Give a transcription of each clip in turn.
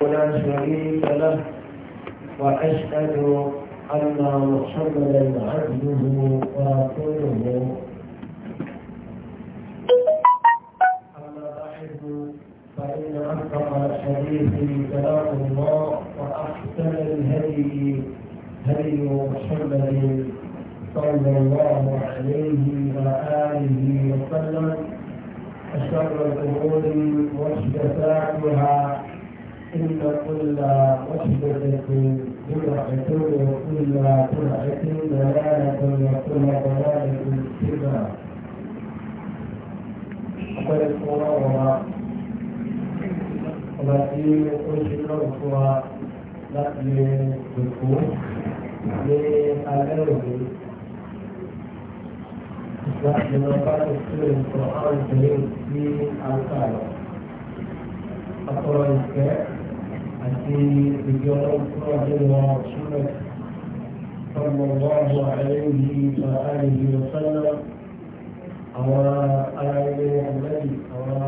لا شريك له وأشهد أن محمدا عبده ورسوله أما بعد فإن أصدق الحديث كلام الله وأحسن الهدي هدي محمد صلى الله عليه وآله وسلم أشر الأمور محدثاتها إن كل وحدة بدعة وكل بدعة ضلالة وكل ضلالة في النار. Ọbàtí ó ṣe lọ́rùn fún wa láti lè dùkú ní alẹ́ òní láti lọ bá ìṣúlẹ̀ ìṣọ̀ àrùn ìṣẹ̀lẹ̀ sí àǹkà lọ. Àtọ̀rọ̀ ìṣẹ́ àti ìjọ ọjọ́ ṣúlẹ̀ sallallahu alayhi wa alihi wa sallam àwọn aráyé ọ̀lẹ́yìn àwọn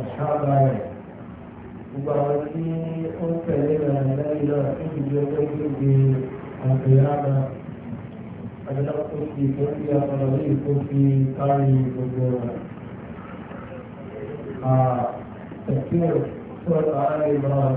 ọ̀ṣáàbà rẹ̀ gbogbo àwọn tí ó ń tẹ̀lé ìlànà lẹ́yìn náà tó ti di ọjọ́ gbogbo àgbéyàgbà àjọyọ̀ tó fi tó fi àtọ̀rọ̀ yìí tó fi kárí gbogbo rẹ̀. تفسير سورة آل عمران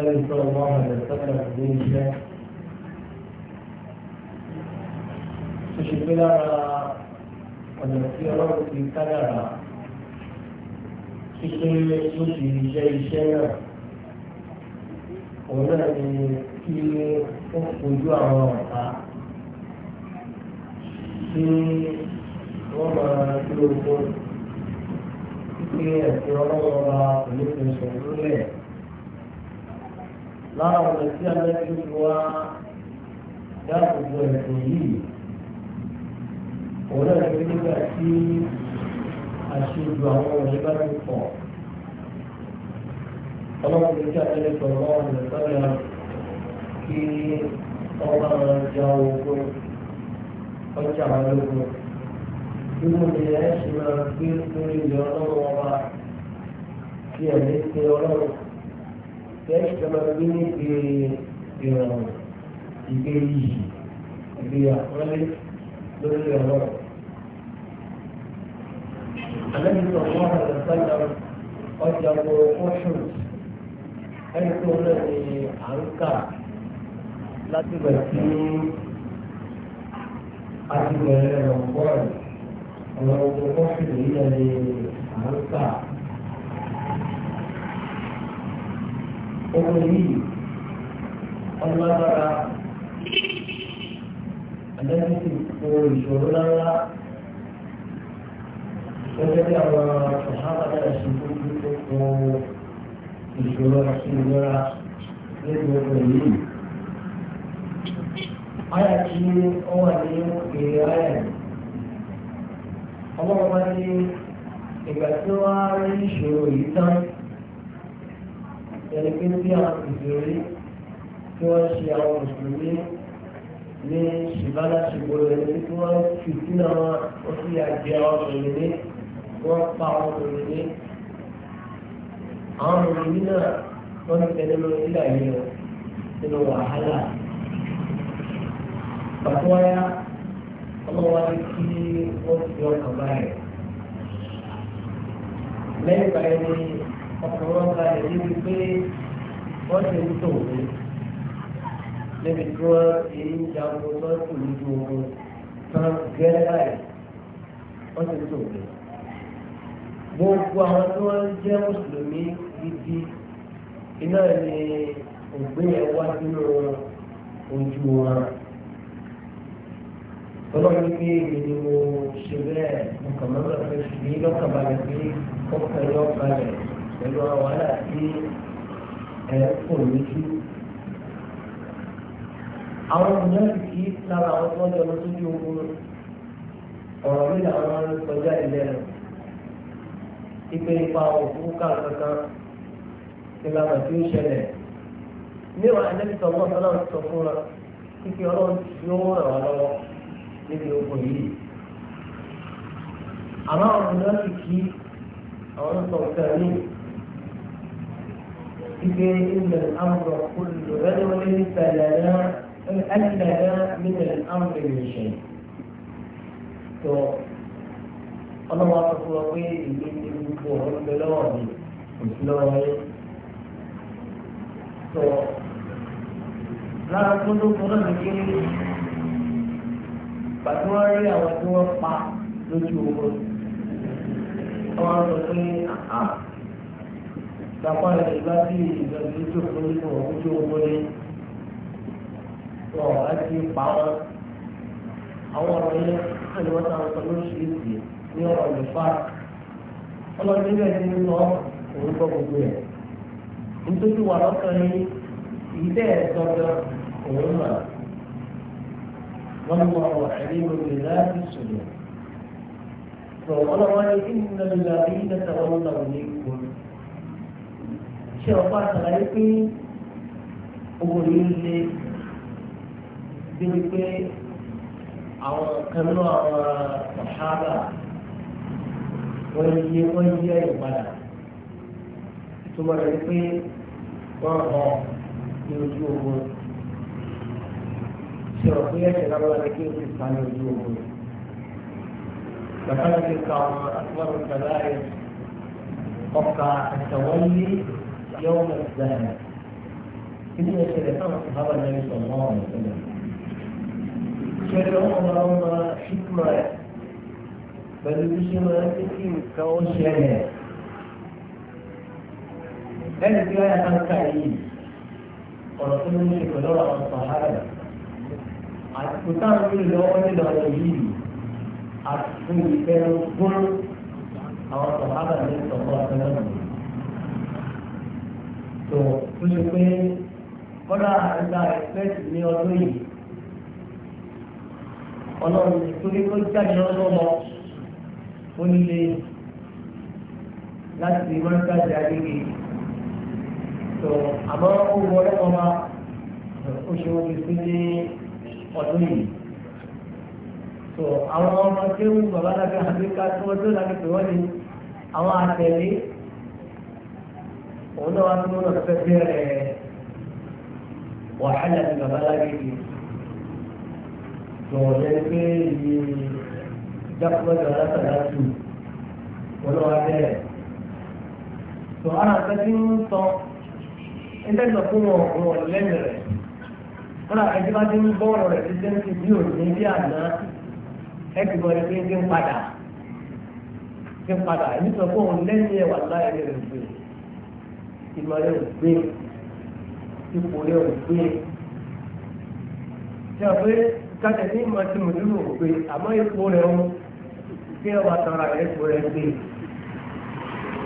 النبي صلى الله عليه وسلم في دين الله تشكلنا ọ̀nà tí ọlọ́run ti kádàrà ṣíṣe tó ti ṣe iṣẹ́ náà òun náà ni kí ó kojú àwọn ọ̀tá tí wọ́n máa dúró fún pípé ẹ̀sìn ọlọ́run ọba kò ní fi sọ̀rọ̀ lẹ̀ lára ọ̀nà tí alẹ́bí wa dáàbòbò ẹ̀sìn yìí òun náà ní nígbà tí àṣejù àwọn ọ̀rẹ́ bá ti pọ̀ ọlọ́run ní kí alẹ́bí sọ̀rọ̀ ọ̀rọ̀ ìgbàlẹ̀ kí ọba ọjà ogun ọjà ológun nínú ilẹ̀ ẹ̀ ṣe máa gbé lórí ilẹ̀ ọlọ́run ọba kí ẹ̀mí pé ọlọ́run bẹ́ẹ̀ ṣe máa gbé ní ìgbé ìrọ̀rùn ìgbé yìí ìgbé àpọ́nlé lórí ọ̀rọ̀. Àlẹ́bí sọ fún àwọn ọ̀sánná ọjà ọ̀rọ̀ fọ́ṣùn ẹni tó náà ni à ń kà láti bẹ̀rẹ̀ sí àti bẹ̀rẹ̀ ọ̀pọ̀ ọ̀rọ̀ ọ̀rọ̀ fọ́ṣùn yìí náà ni à ẹni yìí ọlọ́lára àdáyé ti kó ìṣòro lára gẹ́gẹ́ bí àwọn ọ̀hánàdá ìṣòro tó kó ìṣòro àti ìlera nínú ọ̀rọ̀ yìí. Aya tí ó wà ní òkèèrè aya ìgbà tí wọ́n rí ìṣòro yìí tán ẹni pé bí àwọn ìbéèrè tí wọ́n ṣe àwọn mùsùlùmí ní ṣìbálà ṣìgbòrò ẹni tí wọ́n fi sínú àwọn oṣù àjẹ àwọn mùsùlùmí wọ́n pa àwọn mùsùlùmí. àwọn mùsùlùmí náà wọ́n ti tẹ̀lé lọ sílẹ̀ yìí o nínú wàhálà. pàtó wáyà ọlọ́wọ́ kí wọ́n fi ọkàn báyìí. lẹ́yìn báyìí ọkàn wọn balẹ̀ níbi pé wọ́n ti ń tò wí níbi tí wọ́n ti ń jagun lọ́sùn lójú ogun tán gẹ́lẹ́ báyìí wọ́n ti ń tò wí. gbogbo àwọn tí wọ́n jẹ́ mùsùlùmí gidi iná ni ògbé yẹn ojú wọn. Ọlọ́run pé èmi ni mo ṣe bẹ́ẹ̀ mo kàn máa ń lọ lọ́kàn balẹ̀ pé ọkàn yọ̀ balẹ̀. pẹ̀lú àwọn wàhálà tí lójú. àwọn mìíràn kì í lára àwọn tó ń ogun ọ̀rọ̀ mi làwọn máa ń kọjá ilé rẹ̀ ipe ipa kankan tí ó ṣẹlẹ̀ náà sọ fún wa kíkẹ́ ọlọ́run ràn wá lọ́wọ́ níbi ogun yìí àmọ́ àwọn àwọn tó sọ ìgbé ilẹ̀ àmọ̀ olùrẹ́lẹ́wọlé ìtàlẹ̀ náà ẹ̀ẹ́dẹ̀ náà nílẹ̀ àmọ̀ ìrìnsẹ̀. tó ọlọ́wọ́ akọ́kọ́ wa pé ìgbé ti gbogbo ọ̀rọ̀ ń bẹ lọ́wọ́ mi kò sí lọ́wọ́ yẹn. tó lára tó tó tó náà ní kí pàtó wọn rí àwọn tí wọn pa lójú ogun. àwọn ọ̀rọ̀ pé àá. Ah, ah sapá rẹ̀ bá sí ìgbàgbé tó fún nínú ọ̀hún tó wọ́n lé wọn á ti pa wọn. àwọn ọ̀rọ̀ yẹn ẹni wọ́n ta ọ̀sán lóṣìṣì ní ọ̀rọ̀ ìfà ọlọ́dún bẹ́ẹ̀ ti ń lọ òun gbọ́ gbogbo ẹ̀. nítorí wà lọ́kàn yín ilé ẹ̀sọ́ gan òun mà wọ́n mọ ọ̀rọ̀ ẹ̀rí lórí láti sọ̀rọ̀. sọ̀rọ̀ ọlọ́wọ́ ni kí ni nàbìlà bí ṣe ọ̀pá àtàlàyé pé owó yìí lè débi pé àwọn kan náà àwọn ọ̀ṣáàbà wọ́n yí wọ́n yí ẹ̀yìn padà ìtumọ̀ rẹ̀ pé wọ́n họ ní ojú ogun ṣe ọ̀pá ẹ̀ṣẹ̀ lábọ́ rẹ̀ kí o ti pa ní ojú ogun. Bàbá mi ti ka àwọn akọ́rọ̀ ìtàláyé ọkà ìtàwọ́lé. يوم الزهر إني شريحان صحابة النبي صلى الله عليه وسلم شريحان لهم حكمة بل بشما تكين كون شريح هذه الرواية عن كعيد ورسول الله صلى الله عليه وسلم àtúntàn ní ìlọ́wọ́ nílò ọ̀rọ̀ yìí àti fún ìfẹ́ ogún àwọn sọ̀hábà ní ìsọ̀kọ́ ọ̀sẹ̀ náà. tó tó ṣe pé kọ́lá ẹ̀ka ẹ̀fẹ́tì ní ọdún yìí ọlọ́run torí tó jáde lọ́dún lọ ó nílé láti mọ́ríkàjì àgbègbè tó àmọ́ ó wọlé ọmọ ó ṣe wọ́n fi sí ọdún yìí tó àwọn ọmọ kéwù bàbá lábẹ́ àbíká tí wọ́n tó lábẹ́ pé wọ́n ní àwọn àtẹ̀lé. ونوع من التفكير وحل المبالغ وذلك دخل جلسة الأسود ونوع ذلك فأنا تجن صوت إذا نقوم هو اللمر ولا أجب أن بور ريزن في بيوت نبيانا أكبر في جن قدا جن قدا إذا نقوم لن يوالله يجب أن ìmọ̀ rẹ̀ ò gbé ipò rẹ̀ ò gbé ṣe ọ pé káṣẹ ní ìmọ̀ tí mo nílò ò gbé àmọ́ ipò rẹ̀ ń gbé ọba tọ́ra rẹ̀ ipò rẹ̀ gbé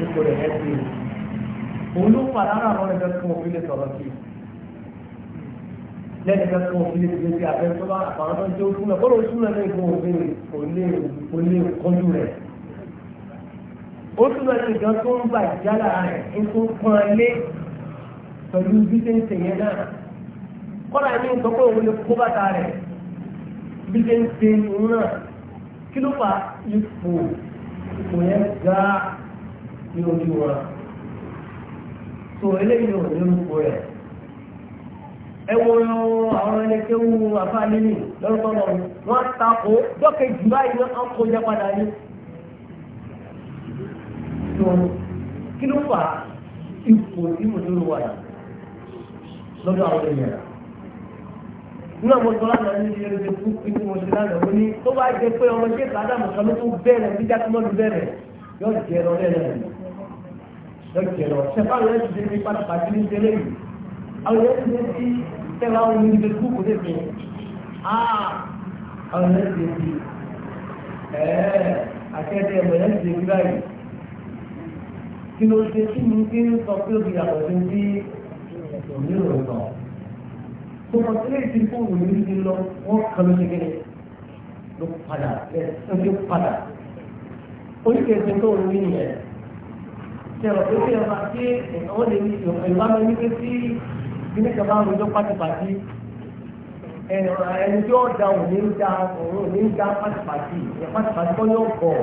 ipò rẹ̀ rẹ̀ gbé òun ló pa lára àwọn ẹgbẹ́ tó wọ́n fi lè sọ̀rọ̀ sí lẹ́yìn ẹgbẹ́ tó wọ́n fi lè gbé sí abẹ́ tó bá àtàwọn tó ń jẹ́ òṣùnà kó lóṣùnà lè gbé òun lè kọjú rẹ̀ ó tún lọ sí ìjọ tó ń gbà ìjálà rẹ̀ nítorí kan lé pẹ̀lú bí ṣe ń ṣe yẹn náà kọ́lá ní nǹkan pé òun lè kó bàtà rẹ̀ bí ṣe ń ṣe òun náà kí ló fa ipò ipò yẹn ga ní ojú wọn tó eléyìí ò ní orúkọ rẹ̀ ẹ wo àwọn ẹlẹ́kẹ́ wo afáàlẹ́ nì lọ́rùkọ́ lọ́rùn wọ́n ta kó dọ́kẹ́ jù báyìí wọ́n kọjá padà ní tó kí ló fà ipò tí mo dúró wà lọ́dọ̀ àwọn ènìyàn nínú àwọn ọmọ lánàá ní ilé ẹgbẹ́ fún pé kí mo ṣe lánàá ó ní tó bá jẹ pé ọmọ jẹ sàdámù kan ló tó bẹ̀rẹ̀ bí jákèmọdù bẹ̀rẹ̀ yóò jẹ lọ lẹ́nu yóò jẹ lọ ṣẹfà rẹ ti dé ní pátápátá ní ìdílé yìí àwọn yẹn ti dé àwọn ní ilé fún kò dé fi àwọn yẹn ti ti dé sí báyìí kí ló ṣe kí ni kí ń sọ pé ó di yàtọ̀ sí bí òmìnira ìtàn tó kọ sílé ìtì fún òmìnira ti lọ wọ́n kàn ló ṣe kéde ló padà lẹ́sẹ̀ tó padà oríkèéṣe tó ń rí nìyẹn ṣẹlẹ̀ pé kí ẹ máa ṣe ìnáwó lè ní ìwádìí ní pé sí ilé ìjọba àwọn ìjọ pátipàti ẹni tí ó da òní ń da òun ò ní ń da pátipàti ìyẹn pátipàti kọ́ yóò bọ̀.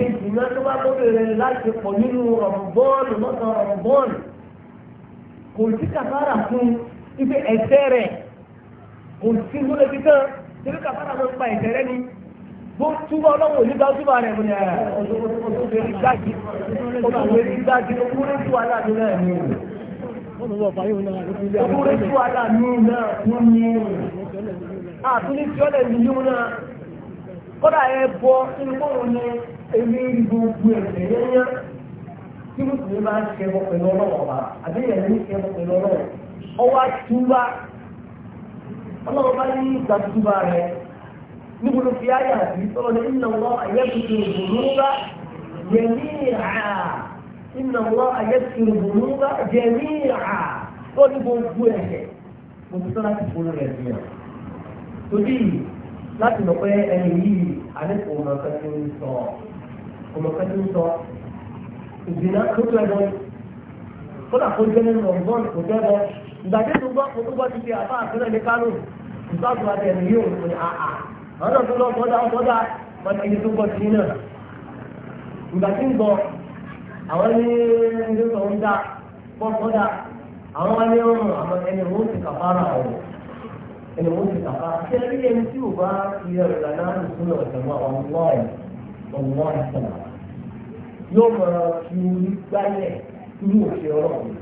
kejì náà tó bá tó bẹ̀rẹ̀ láti pọ̀ nínú rọ̀mùbọ́ọ̀lù lọ́sàn rọ̀mùbọ́ọ̀lù kò sí kàfàrà fún ibi ẹ̀sẹ̀ rẹ̀ kò sí múlẹ̀ títàn ibi kàfàrà fún ipa ẹ̀sẹ̀ rẹ̀ ni bó túbọ̀ ọlọ́wọ́ nígbà túbọ̀ rẹ̀ fún ẹ̀ ọ̀dọ́gbẹ̀rẹ̀ gbági ọ̀dọ́gbẹ̀rẹ̀ gbági ọkùnrin tó wà láàbí náà ni ọkùnrin tó wà láàbí náà fún ni àtúntí ọ̀lẹ̀ nìyí náà kọ́dà ẹ̀ bọ́ inú kóòrò ni èmi gbogbo ẹ̀sẹ̀ yẹ́yẹ́ tí mùsùlùmí bá ń ṣe ẹbọ pẹ̀lú ọlọ́wọ́ ọba àbí ṣe ẹbọ bá ní níbo ló fi ayé àbí ní tó ní gbogbo láti sí láti lọ pé ẹni yìí alẹ́ kò mọ̀ ọmọ kan tó ń sọ ìdìnnà tó tó ẹ̀dọ́ kódà kó jẹ́ nínú ọ̀gbọ́n kò tẹ́ bọ́ ìgbàdé tó gbọ́ kó tó gbọ́ ti fi àbá àtúnlẹ̀ ní kánò ìgbàdùn àti ẹ̀mí yóò ń pè àà àwọn náà tó lọ bọ́dà bọ́dà wọn ti tó gbọ́ sí náà ìgbà tí ń gbọ́ àwọn ní ilé tó ń dá bọ́ bọ́dà àwọn wá ní ọrùn àwọn ẹni wọ́n ti kàfàrà ọ̀rọ̀ ẹni wọ́n ti kàfàrà ṣé ẹni tí ò bá fi ẹ̀rọ ìlànà àdùsùn náà tẹ̀wọ́ ọ̀wọ́ àtàlà yóò máa fi orí gbálẹ̀ ní òfin ọ̀rọ̀ mi.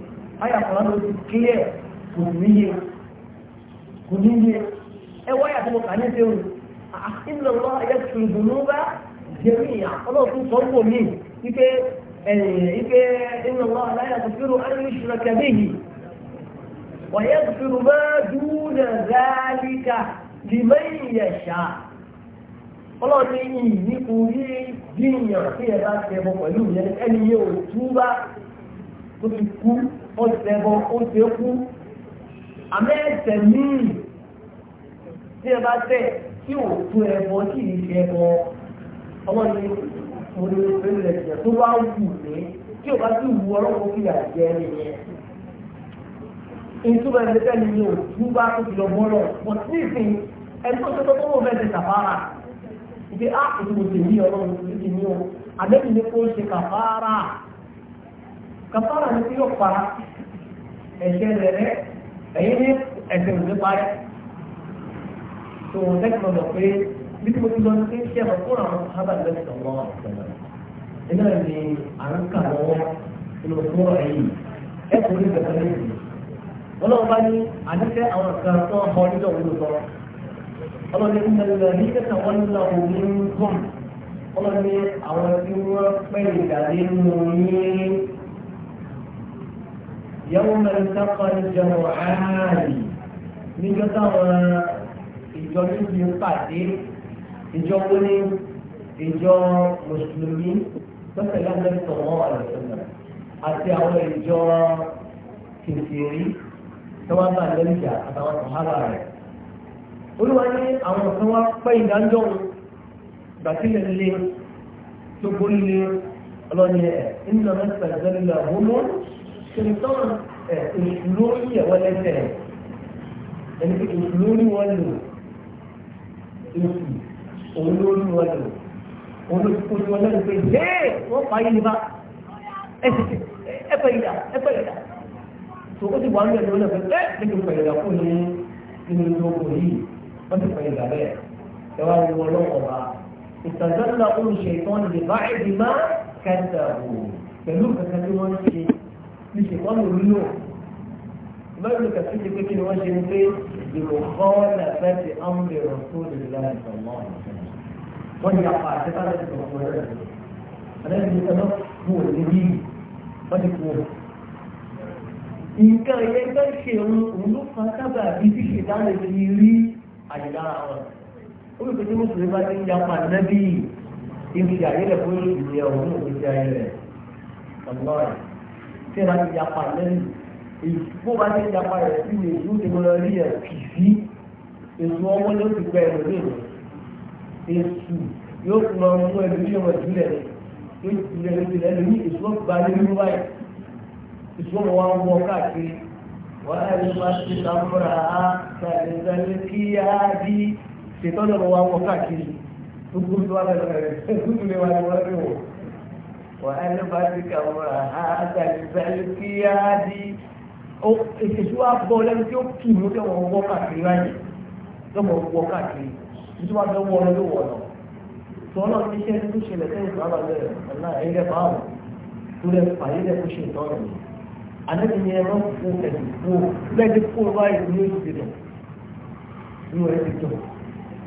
Ayàkọ̀lá ló ti kílẹ̀ kò níye kò níye ẹ wáyà tó mo kà ní ṣe o. Ìlọ lọ ayé tó ìdùnnú bá jẹ̀mí ìyá ọlọ́run sọ wò mí wípé ike ìlọ lọ ayé tó fi ru ayé ìṣúra kẹ́bí Wàyẹ̀ tó bá dúró dàgbà líka lìmẹ́yìn yẹ̀ ṣáà ọlọ́ọ̀ni yìí nípo rí díìyàn tí ẹ bá tẹ̀bọ̀ pẹ̀lú ìyẹn ẹni yẹn ò túbá tó fi kú ó tẹ̀bọ̀ ó tẹ̀ kú àmẹ́ẹ̀tẹ̀ míì tí ẹ bá tẹ̀ tí ò tó ẹbọ tí ì ṣe ẹbọ ọlọ́ọ̀ni mo ní ìpínlẹ̀ ìjẹ́ tó bá wù mí tí ò bá sì wù ọlọ́kọ̀ fi àjẹ́ nìyẹn ìtúbà ẹni tẹ́lẹ̀ yẹn ò túbá tó fi lọ bọ́ lọ pọ̀ sí ìsìn ẹni tó ṣe tó tó wọ́n fẹ́ẹ́ ibi á ìlú mo ti rí ọlọ́run ti ti ní o àbẹ́bí ni kò ṣe kàfárà kàfárà ni kò yóò para ẹ̀ṣẹ̀ rẹ̀ rẹ̀ ẹ̀yìn ní ẹ̀ṣẹ̀ òní parí tó lẹ́kọ̀ọ́ lọ pé bí mo ti lọ sí ṣe ẹ̀fọ́ fún àwọn sábà lẹ́sọ̀ wọn iná ni à ń kà lọ́wọ́ inú fún ẹ̀yìn ẹ̀kọ́ ní ìgbàgbọ́ lẹ́yìn wọn bá ní àdífẹ́ àwọn kan ọlọ́ni ń tẹ̀lé lọ ní kẹta wọn ń lọ òun ń gùn ọlọ́ni àwọn tí wọ́n pẹ́ ìdàdé nù yín yàwó mẹ́rin sápá ní jẹun ààrì níjọ́ táwọn ìjọ méjì ń pàdé ìjọ wo ni ìjọ mùsùlùmí lọ́sẹ̀ lánàá tọ̀wọ́ àlùfẹ́nà àti àwọn ìjọ kìfìrí tí bá lẹ́yìn àtàwọn ọ̀hánà rẹ̀ olúwa ní àwọn kan wá pẹ́ ìdájọ́ gbàsílẹ̀ lé gbogbo lé ọlọ́ni ẹ̀ nínú mẹ́ta ìdánilẹ̀ àbúrò ṣèǹtọ́n ẹ̀ ìṣúlórí ẹ̀wọ́ lẹ́sẹ̀ ẹni pé ìṣúlórí wọn lò èsì òun lórí wọn lò òun ló kó wọn lẹ́nu pé ẹ̀ wọ́n pa yìí nípa ẹ̀fẹ̀ ìdá ẹ̀fẹ̀ ìdá tó ó ti wà ń bẹ̀rẹ̀ lọ́nà pé ẹ̀ lẹ́gbẹ̀ẹ́ ìdá kò ní inú ìlú ọkọ̀ yìí wọ́n ti fẹ̀yìn bàbẹ́ ẹ wá wọ ọlọ́wọ́ wa ìtàzọ́nà olùṣètọ́n lè bá ẹ̀dì má kẹta wò pẹ̀lú kankan tí wọ́n ṣe ní ṣètọ́n lòlúlò bẹ́ẹ̀ ló kàtí ti pé kí ni wọ́n ṣe ń pé ìlú kọ́ọ̀lá fẹ́ ti ọ̀nbẹ̀rọ̀ tó lè lára ìtọ̀mọ́ wọ́n ti apá àti bá lọ́sẹ̀ tó fún ẹ̀rọ àlẹ́ nǹkan ìyẹn bẹ́ẹ̀ ṣe òun ló fa sábà bíi bí ṣètọ́n lè fi rí àyíkára wọn. ó lè fi mùsùlùmí bá ti ń yapa nẹ́bí ibi àyẹ̀lẹ̀ fún ìyẹ̀ òun òun ti àyẹ̀lẹ̀ ọ̀gbọ́n tí ìlànà yapa nẹ́bí ìfowó bá ti ń yapa rẹ̀ sí ní ìlú tí mo lọ rí ẹ̀ kì sí èso ọmọ ló ti gbẹ ẹ̀rọ lónìí èsù yóò fún ọmọ ọmọ ẹ̀rọ yóò wọ̀ sílẹ̀ yóò ti lẹ̀ lójú lẹ́nu ní èso ọgbà lórí wáyé èso ọmọ wa ń wọ káàkiri وألفت أمرها فإذا الكياد ṣètọ́lọ̀ ọmọ wa wọ́n káàkiri gbogbo tó wà lọ́wọ́ rẹ̀ gbogbo lè wà lọ́wọ́ rẹ̀ wọ̀. wà á ní bá ti kà wọ́n á àtàlẹ́ sáré kí á di èsì tí wàá bọ́ lẹ́nu tí ó kì mú tẹ́ wọ́n wọ́ káàkiri láyé tẹ́ ṣẹlẹ̀ sẹ́yìn tó wà lọ́wọ́ rẹ̀ ọ̀la ẹ̀yẹ báwọn tó lẹ́ fàyè lẹ́kọ́ ṣe ìtọ́nà ànábì yẹn wọ́n fún ẹ̀sìn fún o lẹ́ẹ̀dí fún o báyìí ní oṣù tẹ̀lẹ̀ ní oṣù tẹ̀lẹ̀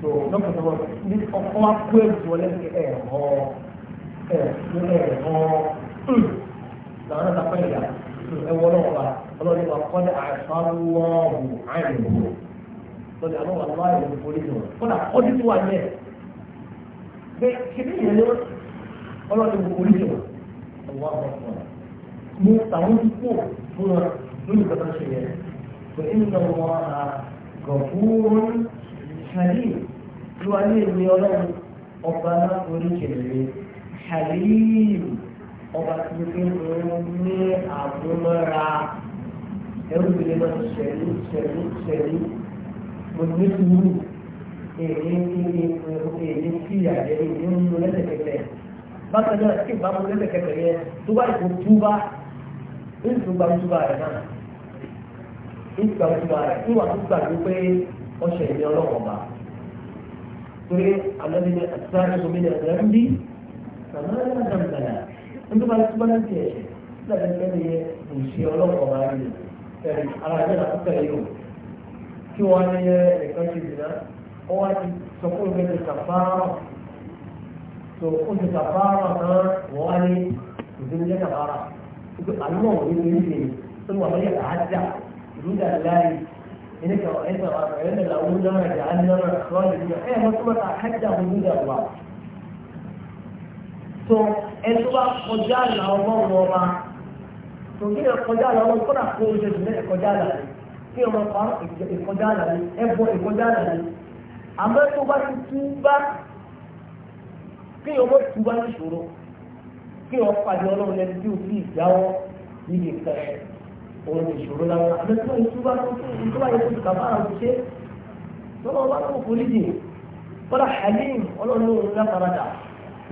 tó lọ́kọ̀tọ̀ wọn ní ọkọ̀ wá kú ẹ̀sìn wọlé ẹ̀ ọ̀ ẹ̀ ọ̀ làwọn náà tapẹ́ ìyá ẹ wọ́n náà wà ọlọ́ọ̀ni wà kọ́ ní àṣàlọ́ọ̀hù àìlèwò lọ́dẹ àwọn wà lọ́wọ́ àìlèwò polisi wọn kọ́nà ọdún tó wà ní ẹ̀ pé kí ni ìyẹn wò polisi wọn ọwọ́ mú àwọn dúpọ̀ fún wọn lórí ìgbà tó ṣe yẹn pé nínú wọn à gọ̀fúrún ṣàlì ló wà ní èmi ọlọ́run ọba oríṣiríṣi ṣàlì ọba tí mo fi ń ní àbúmọ́ra ẹrú ìdílé máa ń ṣẹ̀lú ṣẹ̀lú ṣẹ̀lú mo ní sùúrù èyí ní èyí sí àjẹrí ní mú lẹ́sẹ̀kẹsẹ̀ bákan náà ní ìtúgba ìtúgba rẹ̀ náà ìtúgba ìtúgba rẹ̀ ìwà tó gbàgbé pé ọṣẹ ìdí ọlọ́wọ́ bá pé alẹ́bí ni àtúntàrí omi ni ẹ̀rẹ́ ń bí sàmúlá ní àdàmùdàlà ìtúgba ìtúgba náà ti ẹ̀ṣẹ̀ sílẹ̀ ní ẹni yẹ òṣì ọlọ́wọ́ bá rí ẹ̀rí ara ẹ̀rẹ́ náà kúkẹ́ yìí o kí wọ́n ní ẹ̀ẹ̀kan ṣe dìná ó wá ti sọ fún ìgbẹ́ ti kàfárọ̀ tó ó ti kàfárọ̀ náà wọ́n á ní ìdílé kàfárọ̀ pé àlọ́ òní ní ìlú yìí tó ní wà lọ́yẹ̀ àájà ìlú dà láàyè ilé kan ẹ̀sẹ̀ ẹ̀rẹ́dẹ̀ làwọn lọ́rọ̀ ẹ̀jẹ̀ á lọ́rọ̀ lọ́rọ̀ ìlú ẹ̀ mọ́ tó bá àájà òní dà wà. tó ẹ tó bá kọjá àlà ọlọ́run ọba tó kí ẹ kọjá àlà ọlọ́run kọ́dà kó o ṣe ìdílé kọjá àlà kí ọmọ pa ìkọjá àlà ẹ bọ ìkọjá àlà àmọ́ tó bá ti tú kí ọmọ tú ní ìṣòro kí wọ́n pàdé ọlọ́run lẹ́nu tí o sì jáwọ́ níbi ìfẹ́ òun ìṣòro láwọn àmẹ́tọ́ ìtúbà tó bá yẹ kó kàbá àwọn ṣe lọ́wọ́ bá tó kó nídìí kọ́lá halim ọlọ́run lóun láparadà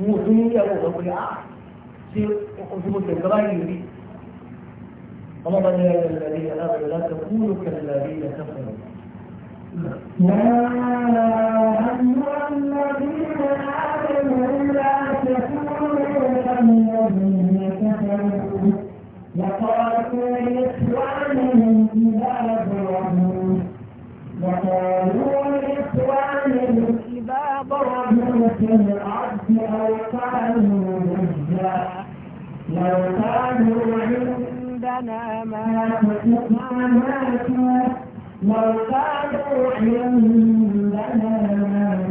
wo tó ní ìyàwó ọ̀gá pé a ah, ṣe oṣù tẹ̀gbọ́n báyìí rí ọmọ bá ní ẹ̀rọ ìlàlẹ́ ìlàlẹ́ ìlàlẹ́ kúrò kẹlẹ́lẹ́ ìlàlẹ́ kẹfẹ́ يا أيها الذين آمنوا لا تكونوا الذين كفروا وقالوا لإخوانهم إذا ضربوا وقالوا لإخوانهم إذا عندنا ما ماتوا لو عندنا ما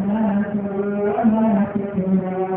ماتوا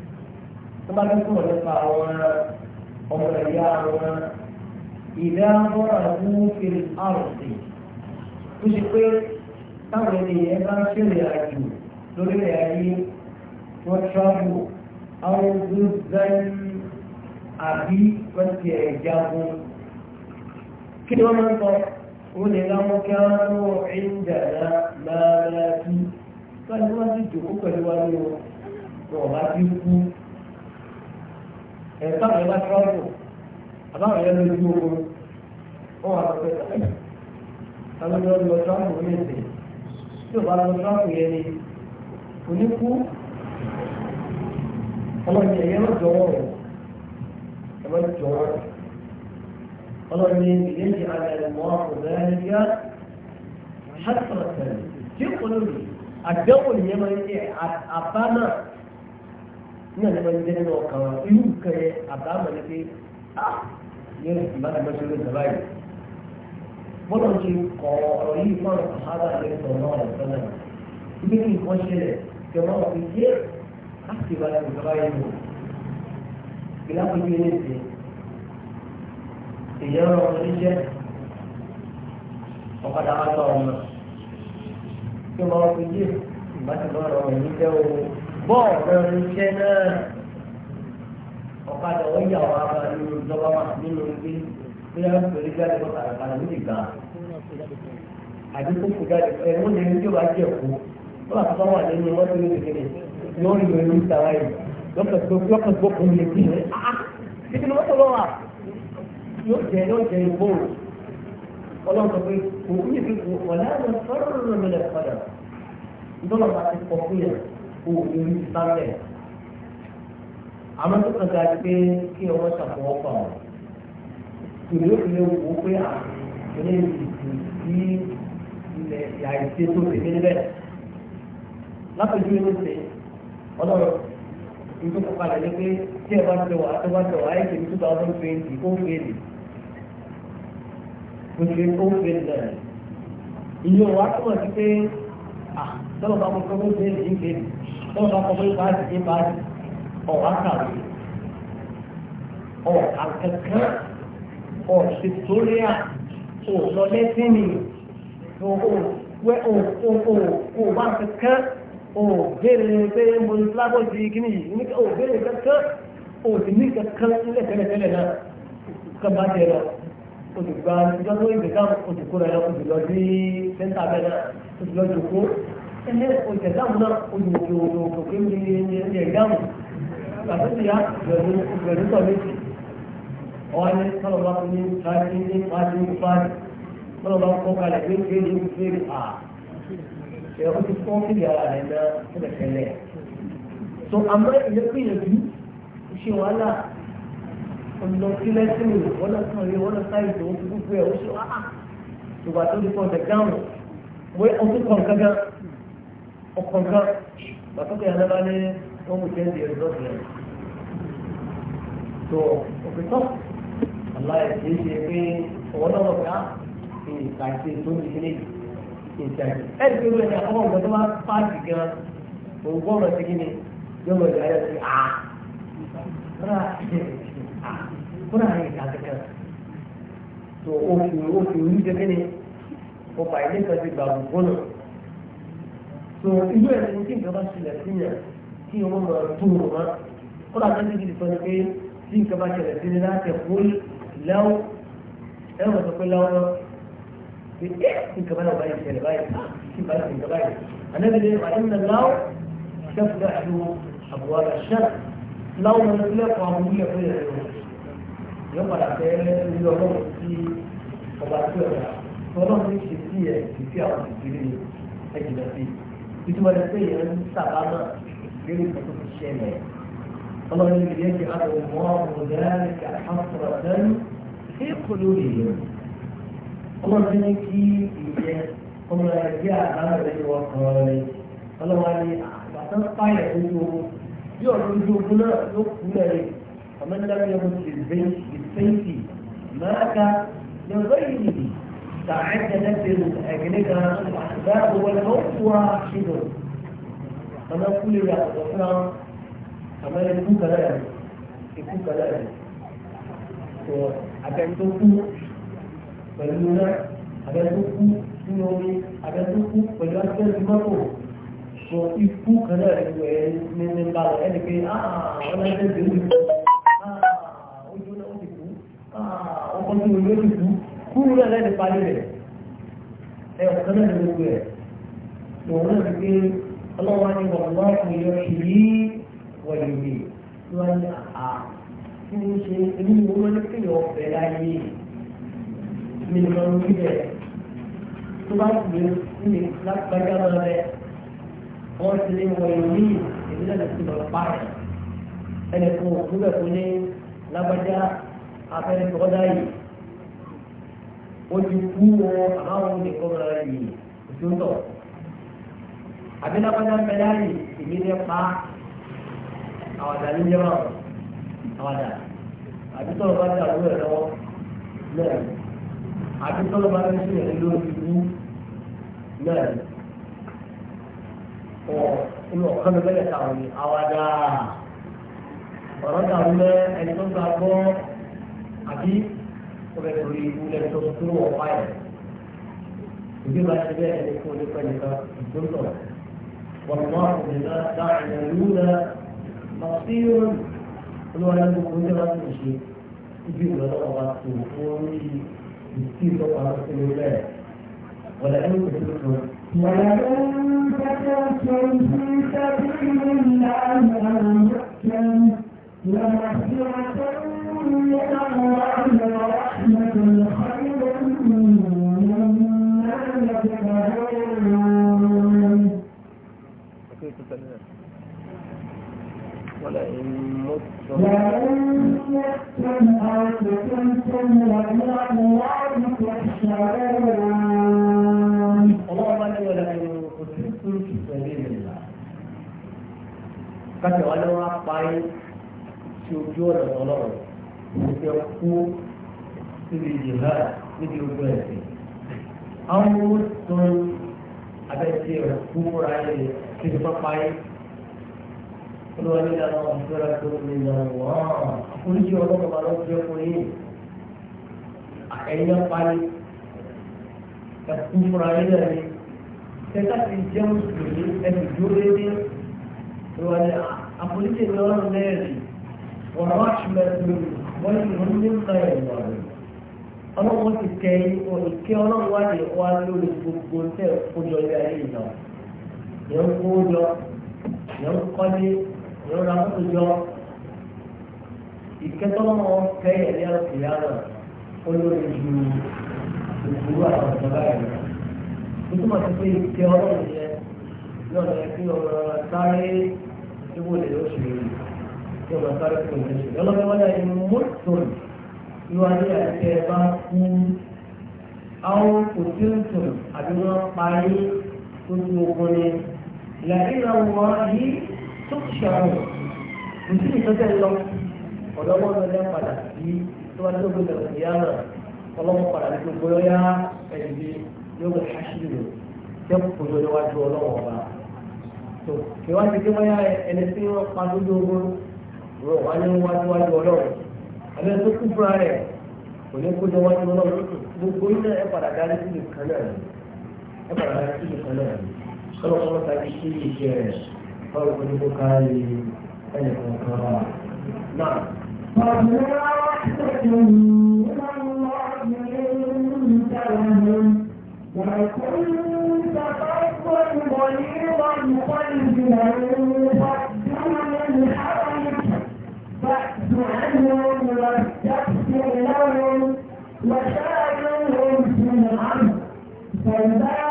tó bá dúró nípa àwọn ọmọ ẹ̀yà àwọn ìdá mọ́ra fún fèrè àròsì ó ṣe pé táwọn ènìyàn bá ń ṣèrè àjò lórílẹ̀ ayé wọ́n tíráàbù àwọn gbọ́dọ̀ àbí wọ́n ti ẹ̀ jagun kí ni wọ́n máa ń sọ wọ́n lè láwọn kí wọ́n tó ìdàrá máa láti wọ́n ti wọ́n ti jòkó pẹ̀lú wa ní wọn bá ti kú ẹ̀ka àwọn ẹ̀ka tọ́lù àbáwọn ẹ̀ka lójú ogun wọn wà lọ́pẹ́ tàbí lọ́dún lọ tọ́lù ní èsè tí ò bá lọ tọ́lù yẹn ni kò ní kú ọmọ ìjẹ yẹn lọ́jọ́ wọn rẹ̀ ẹ̀mọ́ ìjọ wọn rẹ̀ ọlọ́ni ìdílé ti alẹ́ ẹ̀mọ́ ọ̀rẹ́ ẹ̀yà ṣàtúnṣe tí kò lórí àdéhùn yẹn máa ń jẹ àbá náà ní ọ̀nà ìbọn jẹ́ nínú ọkàn wọn irú nǹkan yẹn àbámọ̀ ni pé á ah, yẹn ìbádàgbà ṣe ló dàbá yìí bọ́lá ń ṣe kọ́ ọ̀rọ̀ yìí fún àwọn sàhábà lẹ́yìn tó náà rẹ̀ sọ́nà ibi ní nǹkan ṣẹlẹ̀ jọba wọn fi yé á sì bá ṣe dàbá ọmọ níṣẹ́ ọ̀kadà wá wọ́n fi yé ìbátẹ̀lọ́rọ̀ ọmọ yìí owó bọ́ọ̀rọ̀ iṣẹ́ náà ọ̀kadà wọ́n yà wá bá nínú ìjọba wà nínú ilé bí wọ́n pèlè jáde lọ kàràkàrà ló lè gbà á. jáde ẹ wọ́n lè ní tí ó jẹ̀ kú wọ́n bá tó wà nínú wọ́n tó lè kéde ní wọ́n ní ìta wáyé lọ́kàn tó kún lè kí ẹ̀ á títí ni wọ́n tó lọ wà yóò jẹ yóò jẹ ìbò ọlọ́run kò ní ìdíkù wọ́n láwọn fọ́ọ̀rọ̀ lọ́mọdé fọ́ọ̀rọ̀ kó orí sálẹ̀ àmọ́ tó kàn ga pé kí ọmọ ṣàfọwọ́ pa ọ́ tòló ìlú wò ó pé àtúnṣe ìdìbò sí ilẹ̀ àìsí tó ti dé bẹ́ẹ̀ lápẹjú ẹni sè ọlọ́run ìlú kọ̀ọ̀kan lè pé tí ẹ bá tẹ wà tó bá tẹ wà ayé kìí two thousand twenty ó fèlè kò ṣe ó fèlè náà ìyẹn wà á túmọ̀ sí pé à sọ́dọ̀ bá mo fẹ́ kó fèlè tó lọ kọ pé báyìí dé báyìí ọ̀wá kàwé ọ̀hà kankan ọ̀ṣètòríà ò lọ lẹ́sìnì ò wẹ́ ò ò ò ò wá kankan ò béèrè pé mo ní fúlábọ̀ di kíní yìí ò béèrè kankan ò sì ní kankan sílẹ̀ tẹ́lẹ̀tẹ́lẹ̀ náà kan bá jẹ lọ o ti gba ìjọba ìgbéga o ti kó rẹ lọ o ti lọ sí sẹ́ńtà bẹ́ẹ̀ náà o ti lọ jòkó ẹni ọjà dáhùn náà olùkọ́ ya pẹ̀lú pẹ̀lú tọ̀ méjì ọ̀hún ni sọ̀rọ̀ bá fún mi káàdì ní káàdì ní káàdì sọ̀rọ̀ bá kọ́ kalẹ̀ pé kéde ní kéde à ẹ̀ ó ti fọ́n ọkọ̀ gan pàtàkì yẹn lọ́ba ní wọ́n mú jẹ́ ìdíyẹ lọ́sẹ̀ rẹ̀ tó òfin tó aláì kì í ṣe pé ọwọ́ náà wọ̀ ká ah, kì í kà ṣe tó ní ilé kì í ṣe àjẹ. ẹ ti rú ẹni àkọ́kọ́ nǹkan tó máa pààkì gan òun gbọ́dọ̀ sí kí ni yóò mọ̀ ìdáyà sí a ah, kúrò àyè ìdàkẹ́kẹ́ tó o fi o fi tó ìlú ẹ̀ ní tí nǹkan bá ṣẹlẹ̀ sí yẹn kí wọ́n máa tó wọn mọ́ ó lọ àtẹ́sí ti sọ ni pé tí nǹkan bá ṣẹlẹ̀ sí ni láti ẹ̀kú lẹ́wọ́ ẹ̀rọ sọ pé lọ́wọ́ pé ẹ́ nǹkan bá báyìí ṣẹlẹ̀ báyìí kí bá nǹkan báyìí àlẹ́bìnrin àìmọ̀ láwọ́ ṣẹ́fúnlẹ̀ àlù àbúwá ṣẹ́ láwọn ọmọ ilé ẹ̀kọ́ àwọn ilé ẹ̀kọ́ yẹn lọ yọ padà fẹ́ ilé ọlọ́run sí ọba tó ẹ̀dá ọlọ́run ní ṣe sí ẹ̀ sí àwọn ìdílé ẹ̀jìnà sí i. ìtumọ̀ rẹ̀ pé yẹn ń sàbámọ̀ lórí ìtàn tó fi ṣẹlẹ̀ ọlọ́run ní ìdílé ti máa wọ̀ wọ́n ọ̀gbẹ́rẹ́ kí àkàkọ́ ọ̀dẹ́rù ṣé kò lórí yẹn ọlọ́run ní kí ìyẹn ọmọ rẹ̀ bí àbámọ̀ rẹ̀ ti wọ́n kàn rẹ̀ ọlọ́run ní àgbàtà páyà lójú ogun bí ọ̀rọ̀ ojú ogun náà ló kú lẹ́yìn ọmọ nígbà tí wọ́n ti bẹ́ẹ̀ تعددت بأجنها الأحباب والموت وحشدهم أنا كل لا أتوقع أما يكون كلام يكون كلام أبنتكم فلولا أبنتكم سنوني أبنتكم فلولا تلمكم so ikú kan náà ni wẹ̀ ní ní balẹ̀ ẹni pé àwọn ẹgbẹ́ ìlú ah ojú náà ó ti kú ah ọkọ̀ tí ó yóò ti kú kúrú náà lẹ́nu parí rẹ̀ ẹ ọ̀kan náà ní gbogbo ẹ̀ lòun náà ti gbé ọlọ́wọ́ ní wàhálà ìyọ ìyí wọ̀nyí ni wọ́n ní àhà tí mo ṣe inú mi wọ́n ní kéèyàn ọ̀fẹ́ láyé mi ni mo ń rí bẹ́ẹ̀ tó bá sì lè sí mi lágbájá lọ rẹ̀ wọ́n ti lè wọ̀nyí ní ìdílé náà ti lọ́ọ́ pààyàn ẹnì kan òkú bẹ̀ fún ní lágbájá afẹ́rẹ́ tọ́gọ́dá yìí wọ́n ti kú wọn àwọn nìkan rẹ̀ yìí òṣòtọ̀. àbílápàdà pẹ̀lú àyè èmi ní pa àwàdà ní jẹ́ wọn àwàdà àbí tọ́lọ̀ bá dà lórí ẹ̀ lọ́wọ́ náà àbí tọ́lọ̀ bá dà sí ẹ̀ lórí ìlú náà ọ̀ inú ọ̀kan mi bẹ́ẹ̀ tàwọn ni àwàdà ọ̀rọ̀ tàwọn mẹ́ ẹni tó gbà gbọ́ àbí. kọ́bẹ̀ torí ikú lẹ́nu tó kú wọ̀ báyìí. Ìdí máa ti bẹ́ẹ̀ ní fún nípa nìkan ìdókòwò. والله بما تعملون بصير olúwa ní gbogbo ní wọ́n ti ṣe ibi ìrọ̀lọ́ ọba tó wọ́n ní ìsí ìtọ́ka ìlú rẹ̀ wọ́n lẹ́nu kò tó tó. ولئن كفرتم في سبيل الله أن يؤتم لمغفرة إلى مغفرة من الله قل شيء والله ما نرجو قليل أحيانا قال الكفر إلى tẹ́tàtì jẹ́ mùsùlùmí ẹni dúró dé ìwà ni àpòlítì lọ́rùn lẹ́ẹ̀rì wọ́n wá ṣùgbọ́n wọ́n ti rún ní nǹkan ẹ̀rọ rẹ̀ ọlọ́run ti tẹ ìwọ ìké ọlọ́run wá lè wá lórí gbogbo tẹ́ kójọ ilé ayé ìjọ yẹn kó jọ yẹn kọ́lé ìrora mọ́tòjọ́ ìkẹ́tọ́lọ́mọ kẹ́yẹ̀ ní àkìyàrá olórí ju òkúrú àwọn ìjọba yẹn lọ. Ìtumọ̀ ti pé ìkẹ́ ọlọ́run yẹn lọ́dọ̀ yẹn kí ọmọ sáré ìwò lè lóṣù yìí kí ọmọ sáré kò lè lóṣù yìí. Ọlọ́run wọn yẹn ni mọ́tòrì ìwà ní àti ẹ̀ bá kú àwọn òtúntùn àbí wọn parí ojú ogun ni. Ìyàrá ìlànà wọn yìí tó ti ṣọ̀rọ̀ rẹ̀ kò sí ìtọ́jẹ́ lọ ọ̀dọ́ wọn lọ lẹ́yìn padà sí tó wá tó gbé lọ sí yàrá ọlọ́wọ́ padà ní gbogbo yá ẹ̀yìn bí yóò wọ aṣíwò jẹ́ kòtò níwájú ọlọ́wọ́ ọba tó kí wá ti gbé wáyà ẹni tí wọ́n pa lójú ogun rọ̀ wá ní wájúwájú ọlọ́wọ́ ẹni tó kú fúnra rẹ̀ kò ní kó jọ wájú ọlọ́wọ́ gbogbo iná náà ẹ báwo ni kò ká yí ẹ̀yẹ̀ kọ̀ọ̀kan wà. náà. Ọ̀gbìn àwọn akẹ́kọ̀ọ́ yìí máa ń lọ sí ìjà wọn. وكنت فظا غليظ القلب لانفضوا من حولك فأس عنهم واستغفر لهم وشاورهم في الأمر فإذا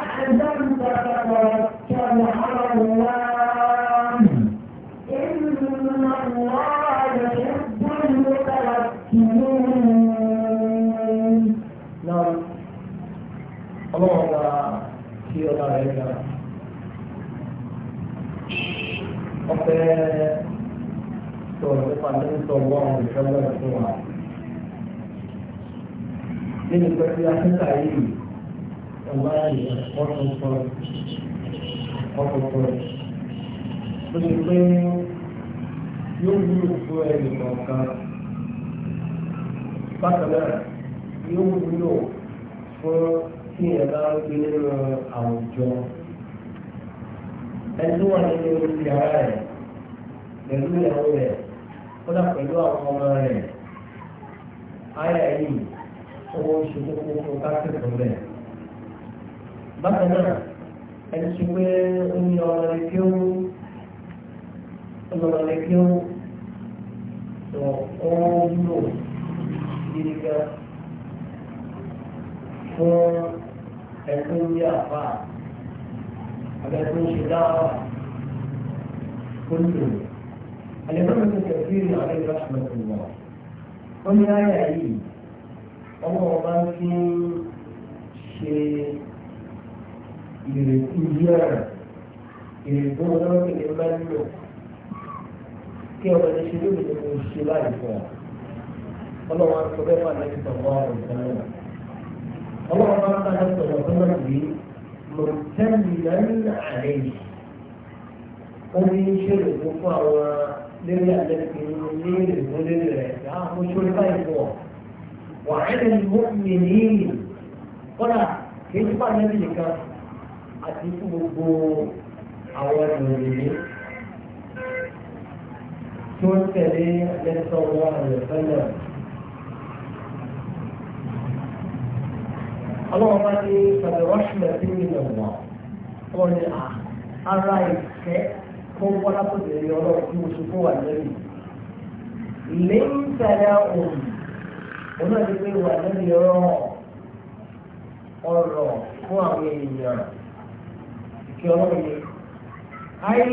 ọ̀fẹ́ sọ̀rọ̀ nípa ní sọ̀rọ̀ ọ̀hún ìṣẹ́lẹ̀ fún wa. nínú pẹ̀lú afẹ́ta yìí ọ̀la ìyẹn ọ̀tọ̀ọ̀tọ̀ ọ̀tọ̀ọ̀tọ̀ tó ti pé yóò wúlò fún ẹnì kọ̀ọ̀kan bákan náà yóò ẹni tó wà nínú yàrá rẹ̀ pẹ̀lú ìyàwó rẹ̀ kódà pẹ̀lú àwọn ọmọ rẹ̀ ayà yìí owó oṣù tó kó kó rẹ̀. bákan náà ẹni tí pé ó ní ọmọ rẹ̀ kí ó ọmọ rẹ̀ kí ó sọ ọ́n wúlò gidi fún ẹ̀kọ́ ní àfáà abẹ́tún ṣe dáwà kúndùn alẹ́mọ́nà tó tẹ̀sí ìlú àdéhùn àṣùmọ̀tò wọ̀ wọ́n ní ayà yìí ọmọ ọba fi ń ṣe ìrètí yíyára ìrètí ọlọ́run kìlẹ̀ máa ń lò kí ọmọ ẹni ṣe lóbi ní mo ṣe láì fọ́ ọlọ́run àti ọbẹ̀ fún àlejò tó ń ìfẹ́ náà ọlọ́run máa ń bá ẹni sọ̀rọ̀ ọ̀gbọ́n náà yìí mọ̀tẹ́mìlẹ́n àlẹ́ ó ní ṣèlè tó fún àwọn lérí àlẹ́kùn ní ìrìnkúndé rẹ̀ yàrá mo ṣorí báyìí pọ̀ wà á lè mi ní ìlú kọ́dà kì í fún àlẹ́bí nìkan àti fún gbogbo àwọn ìròyìn tó ń tẹ̀lé àlẹ́sọ̀rọ̀ àlẹ́fẹ́lẹ̀. ọlọ́run bá ní pẹ̀lú rọ́ṣùlẹ̀ tí mi lọ wọ̀ ọ́ ní ah, ara ìfẹ́ tó ń wọ́n lápò lè rí ọlọ́run tí mo ṣe fún wà lẹ́yìn. lẹ́yìn tẹ̀lé òun òun náà ti pé wà lẹ́yìn ọ̀rọ̀ ọ̀rọ̀ fún àwọn èèyàn kí ọlọ́run yẹ. ayé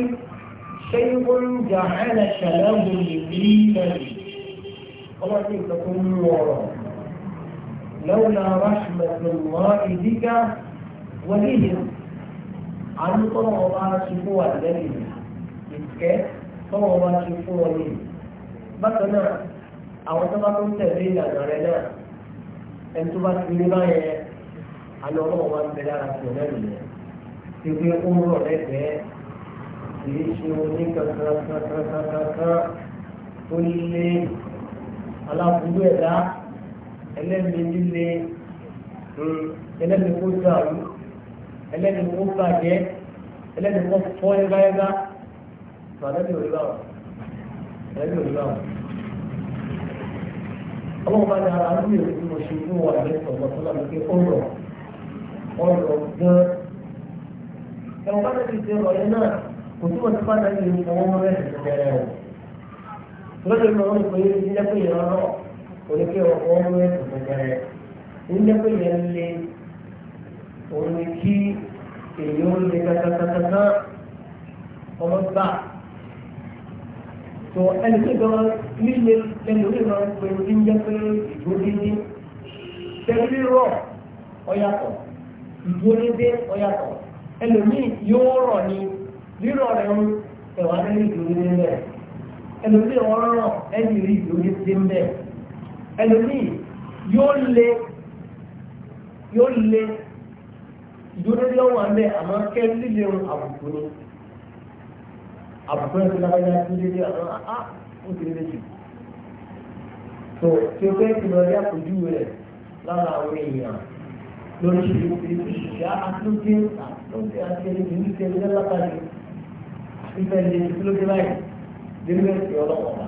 ṣé ìwé ń jà ẹ̀ lẹ́sẹ̀ lẹ́gùn yìí bí lẹ́yìn ọlọ́run ní ìtọ́kùn mú ọ̀rọ̀. لولا رحمة الله بك وليهم عن طرق الله شفوة الذي يتكى طرق الله شفوة ليه بكنا أو تبقى تبريد أنا أنتم بس بنباية àlọ́ ọlọ́wọ́ wa ń bẹ lára fún ọ̀rẹ́ rẹ̀ ti pé ó ń rọ̀ lẹ́gbẹ̀ẹ́ kì í ṣe oní kankankankankankan tó lé aláburú ẹ̀dá ẹlẹ́mi líle ẹlẹ́mi kó dàrú ẹlẹ́mi kó bàjẹ́ ẹlẹ́mi kó fọ́ ẹgbáyẹ́gbá màdàbí òní báwọn màdàbí òní báwọn. ọlọ́run bá ní ara ń lè fún oṣù fún wa ní ọ̀gbọ́n tó lábẹ́ pé ọ̀rọ̀ ọ̀rọ̀ gan-an. ẹ̀wọ̀n bá tẹ̀sí ti ọ̀rọ̀ yẹn náà kò tí wọ́n ti bá dá ilé ìfowópamọ́ rẹ̀ lọ́wọ́ lọ́jọ́ ìfowópamọ́ pé ilé pé ìrànlọ́wọ́ oníkẹ́ ọkọ̀ ọmọ ẹ̀sùn gbẹgbẹrẹ nígbàgbé yẹn lé òun ni kí èyí ó lé kàkàkàkàkà ọmọ bá tó ẹni tó gbọ́ nílé lẹ́nu rí máa ń pe ní jẹ́ pé ìgbóni ní tẹ́lí rọ̀ ọ̀yàtọ̀ ìgbóni dé ọ̀yàtọ̀ ẹlòmíì yóò rọ̀ ni rírọ̀ rẹ̀ ń ẹ̀wà lẹ́yìn ìgbóni dé mẹ́ ẹlòmíì ọ̀rọ̀ ẹni rí ìgbóni dé mẹ́ ẹlòmíì yóò lé yóò lé ìdúró lọ́wọ́ àmẹ́ àmọ́ kẹ́ líle ohun àbùkù ni àbùkù ẹ̀sìn lábẹ́lá tó dédé àwọn àá ah, ah, ó ti dédé jù tó tí ó fẹ́ kí lọ rí àpòjú rẹ̀ lára àwọn èèyàn lórí ìṣèlú ìṣá àtúndé àtúndé àti ẹni ìlú ti ẹni lọ́lápàdé ìfẹ́ lè lóde báyìí lórí ẹ̀sìn ọlọ́wọ́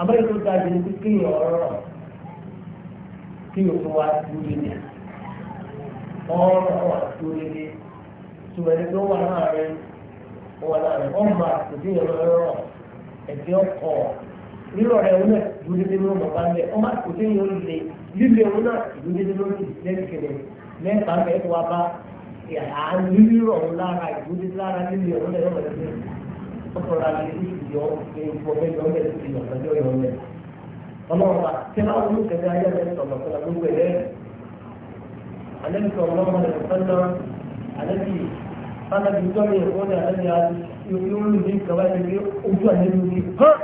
àbẹ́rẹ́ tó dájú ní kéèyàn ọ̀rọ̀ tí o fún wa lórí ni ọ̀rọ̀ wà lórí ni tùmẹ̀lẹ́ tó wà láàrin wà láàrin ọ̀ma òbí yẹn lọ́rọ̀ ẹ̀dí ọkọ̀ rírọ̀ rẹ̀ wọlé lórí ni ló mọ̀ bá ń bẹ̀ ọ̀ma òbí yẹn lè lílé wọn náà lórí ni lórí lẹ́nu kẹlẹ̀ lẹ́ẹ̀ka ń bẹ̀ tó wa bá àánú rírọ̀ wọn lára ìdúdé lára lílé wọn náà yọ̀ ọlọ́run wa tí wọ́n mú kẹ̀kẹ́ ayé rẹ̀ sọ̀rọ̀ sọ̀rọ̀ gbogbo ẹ̀ lẹ́yìn alẹ́bí sọ̀rọ̀ ọmọ rẹ̀ sọ́nà alẹ́bí fanabi tọ́lú ẹ̀kọ́ ní alẹ́bí yóò lù ní ìkàwá ẹ̀ ní ojú alẹ́bí ní hàn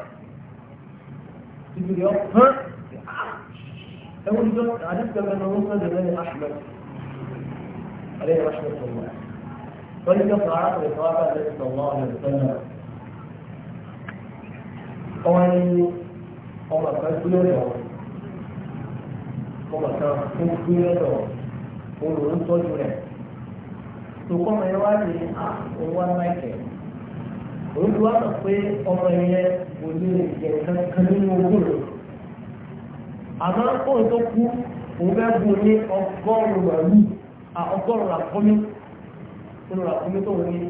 ìbìrì ọ̀ hàn ẹ̀wọ̀n ìjọ alẹ́bí sọ̀rọ̀ ọmọ sọ̀rọ̀ lẹ́yìn ahmed alẹ́yìn ahmed sọ̀rọ̀ wọ́n ní kẹfà arákùnrin kan wá bá alẹ́bí sọ̀rọ̀ ọmọ rẹ̀ sọ̀rọ̀ ọmọ kan gbé lọ́dọ̀ ọmọ kan tó gbé lọ́dọ̀ olùrún tọ́jú rẹ̀ tòkọ́ ọmọ yẹn wá ní àwọn ah, wá máìkẹ̀ olùwà pé ọmọ yẹn kò ní ìjẹ kankan nínú owó rẹ̀ àmọ́ òun tó kú òun bẹ́ẹ̀ bu ní ọgọ́rùn-ún àlù ọgọ́rùn-ún àkọ́mí nínú àkọ́mí tó wọ́n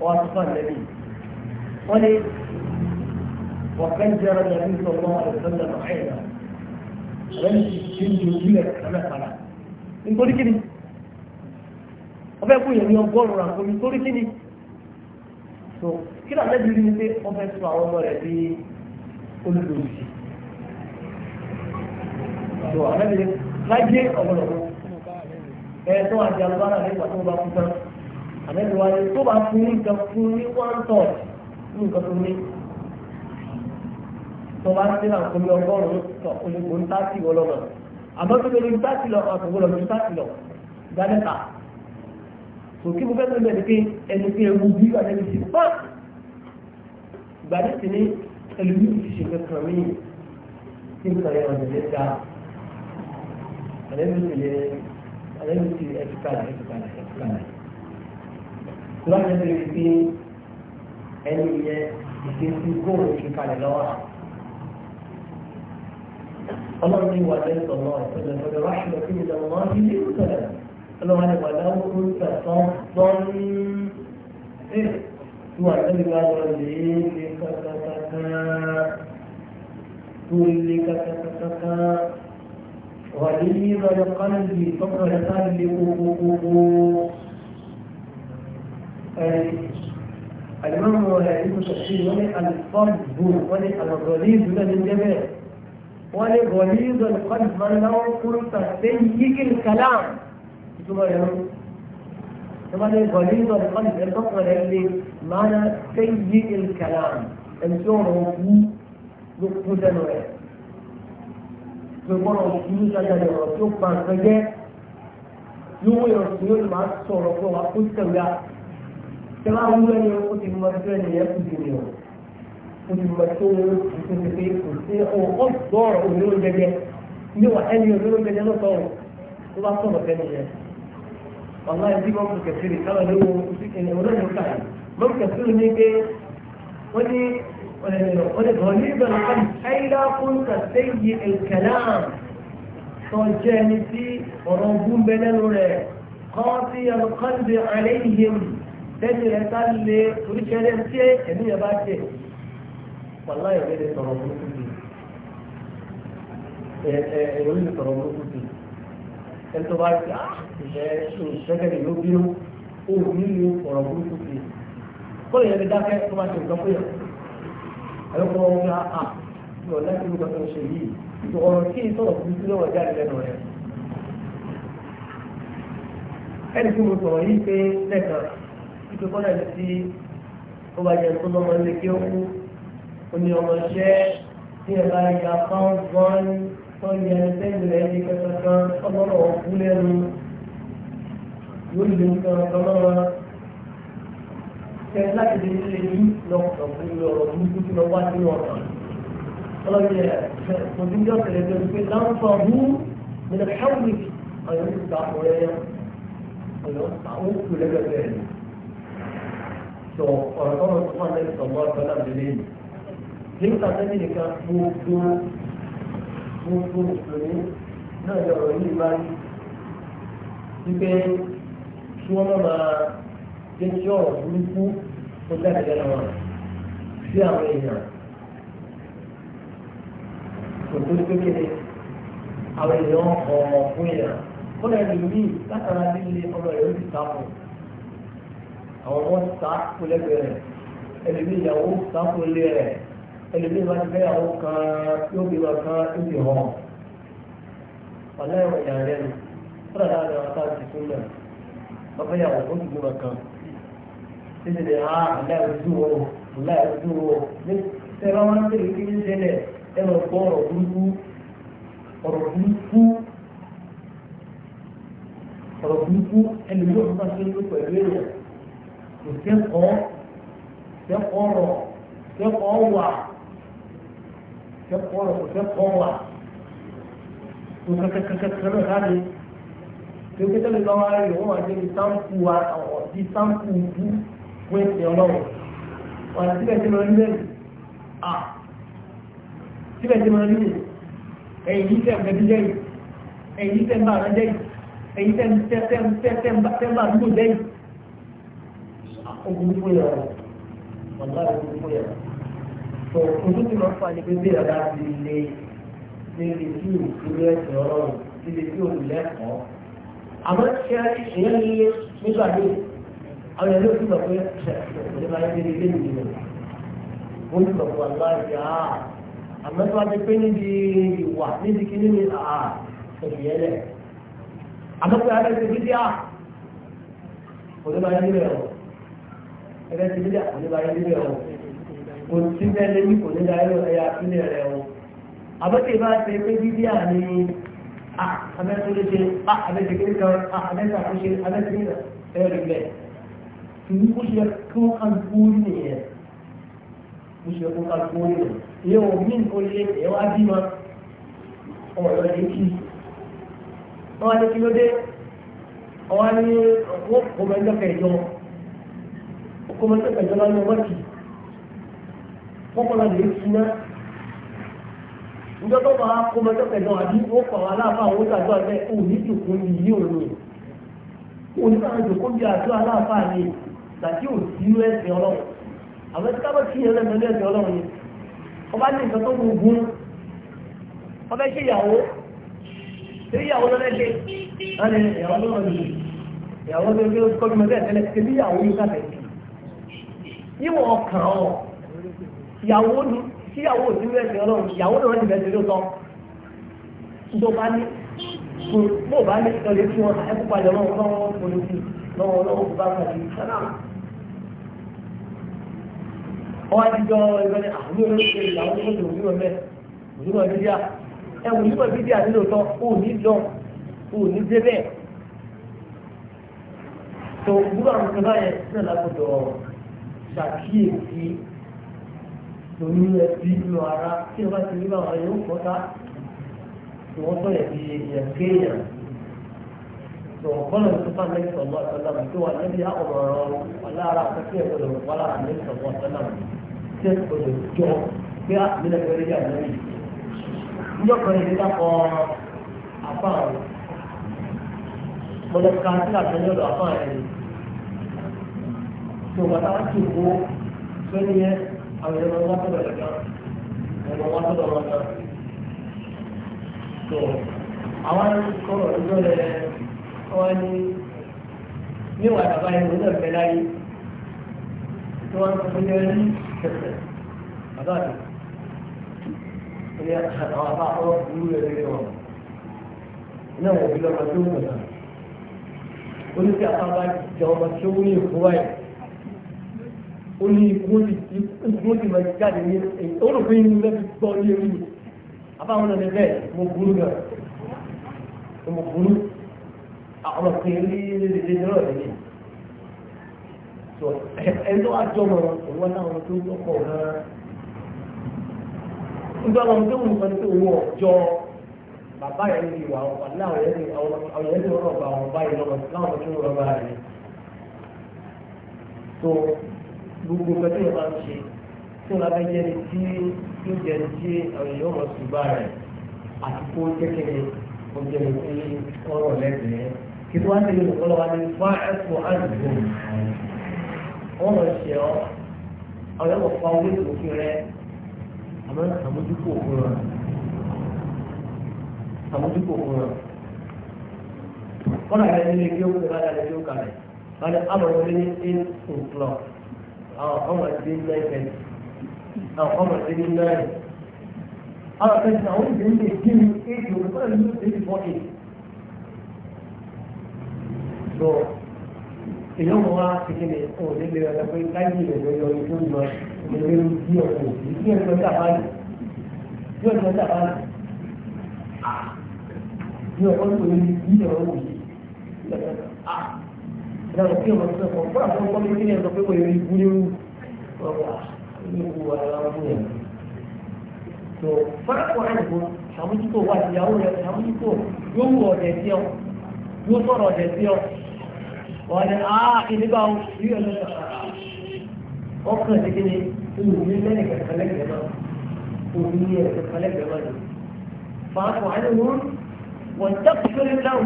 ọwọ́ àtúntò àlẹ́ yìí wọ́n ní. وقد جرى النبي صلى الله عليه وسلم عينا lẹ́yìn tí ń lo ilẹ̀ ẹ̀mẹ́fàlà nítorí kíni ọbẹ̀ kú yẹn ní ọgọ́rùn-ún àpò nítorí kíni tó kí làwọn ẹbí rí ni pé wọ́n fẹ́ sọ àwọn ọmọ rẹ̀ bí olùdòwìsì tó àwọn ẹbí láyé ọ̀pọ̀lọpọ̀ ẹ tó àti alùpàdà nígbà tó bá kú tán àmẹ́bí wa ni tó bá fún nǹkan fún ní one third nǹkan tó ní tó bá ń sílẹ̀ àkómi ọgọ́rùn-ún tó olùkó ń tásì wọ lọ́nà àmọ́ tó lórí ń tásì lọ ọ̀tún wọ́n lọ́nà ń tásì lọ gánẹ́ta òkè mo fẹ́ tó bẹ̀rẹ̀ pé ẹni pé ewu bí wà lẹ́nu sí pọ́ ìgbàdí sí ní ẹlòmí ti ṣe kankan mí tí n kàn yẹn ọ̀dẹ̀ lé ga àlẹ́nu ti lè àlẹ́nu ti ẹ̀fíkàlà ẹ̀fíkàlà ẹ̀fíkàlà ìgbàdí sí ní ẹni yẹn ìṣesí kóòrò ìṣèkalẹ̀ lọ́wọ́ أمرني وعليك الله فلن فرحمة من الله لنت لو أنا ولو كنت فضل إيه وعدل الله لك كلك تتتتا غليظ القلب فقر قلبي الإمام هو يعرف تفسير ولي الفضل ولي الغليظ من الجمال wọ́n ní gọ̀líìzọ̀ nìkan ìfọ̀n náà kúrò tàbí yíkì kàlám ìtumọ̀ yẹn wọ́n ní gọ̀líìzọ̀ nìkan ìfọ̀n tọ́kàn rẹ̀ lè máa ná sẹ́yí kàlám ẹni tí wọ́n rọ̀ wú ló kú sẹ́nu rẹ̀ tó gbọ́dọ̀ kú sájà lè rọ̀ tó pa nǹkan jẹ́ yóò wọ́n yọ̀ sí yóò máa sọ̀rọ̀ pé wàá kó sẹ́wìá tẹ́lá wúlẹ̀ ni ó ti mọ olùmọ̀tòwò ìpínlẹ̀ kò sí ọ̀pọ̀ sọ̀rọ̀ òmìnira jẹjẹ ní wà ẹni òmìnira jẹjẹ ló sọ̀rọ̀ tó bá sọ̀rọ̀ fẹ́ni yẹn. ọ̀la ẹbí wọn kò kẹsì rè káwọn ló wọn ìpínlẹ̀ olóyún ká yìí wọn kò kẹsì rè ní pé wọ́n ní ọ̀lẹ́ bọ̀ ní ìbẹ̀rù kan ayílá fún kàtẹ́yì ìkẹlẹ́m tó jẹ́ ẹni tí ọ̀rọ̀ ogun bẹ lẹ́nu rẹ̀ kọ́ sí ọ̀rọ̀ kan wàlá ìwé lè sọ̀rọ̀ burúkú bì ẹ ẹ ìwé lè sọ̀rọ̀ burúkú bì ẹ tó bá ti ah, ìfẹ́ ìfẹ́kẹ̀lẹ̀ ló bí ó ní ní ọ̀rọ̀ burúkú bì kọ́lẹ̀ yẹn lè dákẹ́ tó bá ti nǹkan fún yẹn ẹ̀rọ kọ́ wọn ká à yọ láti ní kankan ṣe yìí ọ̀rọ̀ kí sọ̀rọ̀ burúkú lọ́wọ́ jáde lẹ́nu rẹ̀ ẹni tí mo sọ̀rọ̀ yìí pé lẹ́ẹ̀kan ìpè kọ́lẹ̀ yẹn tí ó bá jẹ́ tó lọ́mọ ilé kí ó kú oní ọmọ iṣẹ́ tí ẹ bá ya fáwọn gbọ́n tó ń yẹ sẹ́yìn rẹ̀ ní kankan ọlọ́rọ̀ ọ̀kú lẹ́nu yóò lè ń sọ̀rọ̀ tọ́lọ́rọ̀ kẹ́ láti lè ṣe yí lọ́kọ̀ fún mi ọ̀rọ̀ burúkú tí wọ́n wá sí ọ̀rọ̀ ọlọ́run yẹ kò ní yọ tẹ̀lé tó pé láǹfà hú nínú hẹ́wì ọ̀yọ́ ti ta ọ̀rẹ́ ọ̀yọ́ àwọn òkú lẹ́gbẹ̀ẹ́ sọ ọ̀rọ̀ tọ́lọ́ tó fà lẹ́yìn sọ̀rọ̀ ọ̀rọ̀ tọ́lá nínú tàbí nìkan gbogbo gbogbo òní náà yọ yìí máa wípé kí wọ́n máa jẹ́ kí ọ̀rọ̀ burúkú ó jáde lẹ́nu wọn sí àwọn èèyàn kò tó tó kéde àwọn èèyàn ọmọ fún èèyàn ó lè lè mí látara líle ọmọ rẹ̀ ó ti ta fún àwọn ọmọ ta kó lẹ́gbẹ̀ẹ́ rẹ̀ ẹlẹ́mí ìyàwó ta kó lé rẹ̀ ẹlòmíì máa ń fẹ́ àwọn kan yóò bí wọn kan yóò bí wọn ọ̀nà ẹ̀wọ̀n ìyá rẹ̀ ni fúnra náà ni wọn ká ti fún náà wọn fẹ́ yàwó ó ti bí wọn kan títí di ha ọ̀nà ojú wo ọ̀nà ojú wo ní sẹ́wọ́n wọn tẹ̀lé kí ní ṣẹlẹ̀ ẹ̀ lọ gbọ́ ọ̀rọ̀ burúkú ọ̀rọ̀ burúkú ọ̀rọ̀ burúkú ẹlòmíì wọn máa ń ṣe pẹ̀lú èèyàn kò sẹ́kọ̀ọ́ sẹ́kọ̀ọ́ rọ̀ sẹ́kọ̀ọ́ wà fẹ́ kọ́ ọ̀rọ̀ kò fẹ́ wà tó kẹ́kẹ́kẹ́kẹ́ náà tó kẹ́kẹ́ lè bá wá rí wọ́n máa jẹ́ bí sáǹpù wa bí sáǹpù bú fún ẹ̀sìn ọlọ́run wà ní síbẹ̀ tí mo rí à síbẹ̀ tí mo rí ẹ̀yìn yìí tẹ̀ bẹ́bí lẹ́yìn ẹ̀yìn yìí tẹ̀ bá rẹ lẹ́yìn ẹ̀yìn tẹ̀ tẹ̀ tẹ̀ tẹ̀ bá dúró lẹ́yìn. Ogun fún yàrá, wàlá ogun fún yàrá tó ojú tí wọ́n fà ní pé bí ẹ̀dá ti lè níbi tí ìṣúlẹ̀ ẹ̀sìn ọlọ́run níbi tí òun lẹ́kọ̀ọ́. àmọ́ ṣe ìyẹn nílé nígbà yìí àwọn ẹ̀rọ ti sọ pé ṣẹ̀ṣẹ̀ máa ń délé lé nìyẹn. ó ń sọ fún aláìsí à àmọ́ tí wọ́n ti pé níbi ìwà níbi kí níbi à ṣèṣìyẹ́ àmọ́ tí wọ́n ti dídí à òun máa ń délé ọ̀ ẹ̀rẹ́ ti dídí à òun máa ń délé ọ̀ kò sí bẹ́ẹ̀ lẹ́yìn kò ní dáyé ẹ̀yà sílẹ̀ rẹ̀ o àbẹ́tẹ̀ bá ṣe pé bíbí à ní àbẹ́tẹ̀lẹ́ṣe àbẹ́tẹ̀ kéré kan àbẹ́tẹ̀ àkóṣe àbẹ́tẹ̀ kéré ẹ̀rì bẹ́ẹ̀ kìí kó ṣe kó kan kúrú nìyẹn kó ṣe kó kan kúrú nìyẹn ìyẹn ò mí nǹkan lé ẹ̀wá bímọ ọmọ ìrọ̀lẹ́ kí wọ́n á ní kí ló dé wọ́n á ní wọ́n kò kọ́kọ́lá lè túná njẹ́ tó bá kó mẹ́tọ́ pẹ̀lú àbí ó kọ̀ wá láàbá àwọn ìgbàjọ́ ẹgbẹ́ òní jòkó ni yí òun òní bá wọn jòkó bí àjọ aláàbá ni tàbí ò sí ẹsẹ̀ ọlọ́run àwọn ẹ̀ka bá kí ẹrẹ́ mẹ́lẹ́ ẹsẹ̀ ọlọ́run ni ọba ní nǹkan tó ń gun ọbẹ̀ ṣe ìyàwó ṣe ìyàwó lọ́dẹ́ ṣe láti ìyàwó lọ́dẹ́ ṣe ìyàwó lọ́dẹ́ ṣe kọ́ ìyàwó ni síyàwó ò nínú ẹ̀sìn ọlọ́run ìyàwó náà ti bẹ̀rẹ̀ lóòótọ́ tó bá ní bó bá ní ìtọ́lé tí wọ́n ẹkú padà lọ́wọ́ lọ́wọ́ polisi lọ́wọ́ lọ́wọ́ bá pàdé sálámù. ọwọ́ àtijọ́ ẹgbẹ́ ní àwọn olóṣèlú ìyàwó tó tó òwúrọ̀ mẹ́ òwúrọ̀ bídíà ẹ wò nípa bídíà nílòótọ́ ó ní lọ ó ní débẹ̀ tó gbúdọ̀ àwọn ìjọba yẹn náà lágbọ́dọ̀ nínú ẹbí nínú ara tí o bá ti rí báwọn yóò fọ́ta tí wọ́n sọ̀rọ̀ bí èèyàn kéèyàn tó kọ́nà tó bá ní sọ̀rọ̀ àtọ́nà tí wọ́n lẹ́bi àkọ́rọ̀ ọ̀lára àti ẹ̀kọ́dọ̀ wọ́lá àti sọ̀rọ̀ àtọ́nà tí ẹ̀kọ́dọ̀ jọ pé àtìlẹ́ pẹ̀lú ìyá ìlú yìí. níjọ́ kan yìí dákọ̀ àpá rẹ̀ mọ̀lẹ́ka sí àtẹ̀yọ́dọ̀ àpá rẹ̀ tó wà láti wò sẹ́ni yẹn àwọn ẹ̀rọ wá sọ̀rọ̀ ẹ̀ka ẹ̀rọ wá sọ̀rọ̀ wọn náà. tó àwọn kọ̀rọ̀ ọjọ́ rẹ̀ wọ́n ní níwọ̀n àgbà ìwé náà fẹ́ láyé tí wọ́n sọ fún yẹn ní kẹsẹ̀ bàbá mi. ilé àwọn àbá ọ̀rọ̀ ìlú rẹ̀ rẹ̀ wọ̀ iná wọ̀ bí lọ́kọ̀ tó wù náà. oníṣẹ́ àpá bá ọmọ tó wù ní ìkúwáyé ó ní ikú ó ti máa jáde ní ó rò pé inú lẹ́bi gbọ́ ní ewu ni àbáwọn ọ̀nà bẹ́ẹ̀ mo burú gan mo burú àwọn ọ̀pẹ̀ rí lélẹ́lẹ́ ní ọ̀rẹ́ yìí tó ẹjọ́ àjọmọ̀ òun láwọn tó lọ́pọ̀ náà nígbà wọn tó wọn fẹ́ owó ọjọ́ bàbá yẹn ní ìwà ọ̀pá láwọn yẹn ní ọ̀rọ̀ ọ̀bà àwọn báyìí lọ́wọ́ láwọn tó ń rọ̀ báyìí gbogbo pẹ̀lú ìyàbá ń ṣe tí wọn bá jẹ́ ní tí yóò jẹ́ ní tí àwọn èèyàn mọ̀ sí bá rẹ̀ àti kó kékeré kó jẹ́ ní tí ọ̀rọ̀ lẹ́gbẹ̀ẹ́ kí wọ́n á ti lè lọ́wọ́ wa ní fá ẹ̀fọ́ àdúgbò wọ́n mọ̀ ṣe ọ́ àwọn èèyàn mọ̀ fọ́ orí òfin rẹ̀ àmọ́ àmójúkò òfin rẹ̀ àmójúkò òfin rẹ̀ kọ́nà rẹ̀ nílé kí ó kó rárá rẹ̀ kí ó kà rẹ̀ wọlé ní eight o'clock àwọn ọmọ ẹgbẹ́ ńlá ẹgbẹ́ àwọn ọmọ ẹgbẹ́ ńlá ẹ̀ àwọn akẹ́kọ̀ọ́ àwọn ìdè ń lè dín ní éjì òun fún ẹ̀mí ló ti fọ́ ẹ̀. lọ èyí wọn wá kékeré ọ̀hún nílé ọ̀la pé káyé ìrẹ̀lẹ̀ yọ ìlú ìlú ìlú ìlú bí ọ̀pọ̀ ìdí ẹ̀jọ̀ dàbáyé bí ọ̀jọ̀ dàbáyé bí ọ̀pọ̀ ìlú ìlú ìlú ìlú ìlú ìlànà kí ọmọ tó kọ fún àwọn ọmọ tó kílẹ̀ pé wọ́n yẹ ibú ní wù ọ̀rọ̀ ìlú wa ara wọn yẹn. tó fọ́nàkọ́ àyìnbó àmójútó wà ìyàwó rẹ àmójútó yóò wù ọ̀dẹ̀ sí ọ yóò sọ̀rọ̀ ọ̀dẹ̀ sí ọ. wọ́n ní a ìdíbà ẹ̀ lọ́sà ọkàn ti kí ni olùwé lẹ́yìn kẹ̀kẹ́ lẹ́gbẹ̀ẹ́ náà olùwé kẹ̀kẹ́ lẹ́gbẹ̀ẹ́ náà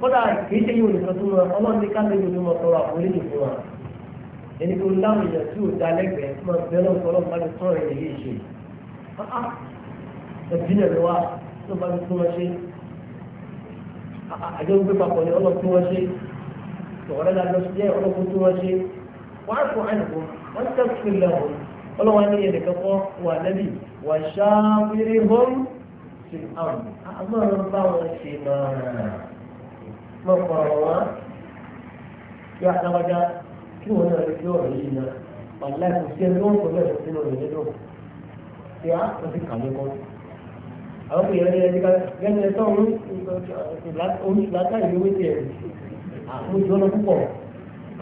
kódà kìí ṣe yóò nìkan tó mọ ọlọ́run ní ká lóyún tó mọ tọrọ àforíjì fún wa ẹni tó láwọn èèyàn tí ò dá lẹ́gbẹ̀ẹ́ tó máa bẹ́ẹ̀ lọ́wọ́ ọlọ́run bá ti tọ́ ẹ̀yìn yìí ṣe ah, ah, ẹbí náà lọ́wọ́ tó bá ti tún wọn ṣe ah, àjọ gbé papọ̀ ni ọlọ́run wọn ṣe tọ̀wọ́dá la lọ sí jẹ́ ọlọ́run tún wọn ṣe wọ́n á fún àyìnbó wọ́n ti tẹ́kù sí ilẹ̀ ọlọ́wọ́n ní ẹ̀dẹ̀ kẹ́kọ́ wà lẹ́bí wà ṣáá wírí bọ́ọ̀lù sí àwọn àmọ́ bá wọn ṣe máa mo kọ̀rọ̀ wọ́n kí alágbájá kí wọ́n náà lè fi ọ̀rọ̀ yìí náà wàlá kò sí ẹni wọ́n kò lẹ́sọ̀ sínú rẹ̀ nínú tí a kò sí kàmí kan. àwọn kò yẹ ẹni ẹni ká gẹ́gẹ́ ẹni tọ́hún oníṣìláta ìlú wé tiẹ̀ àmójú ọ̀nà púpọ̀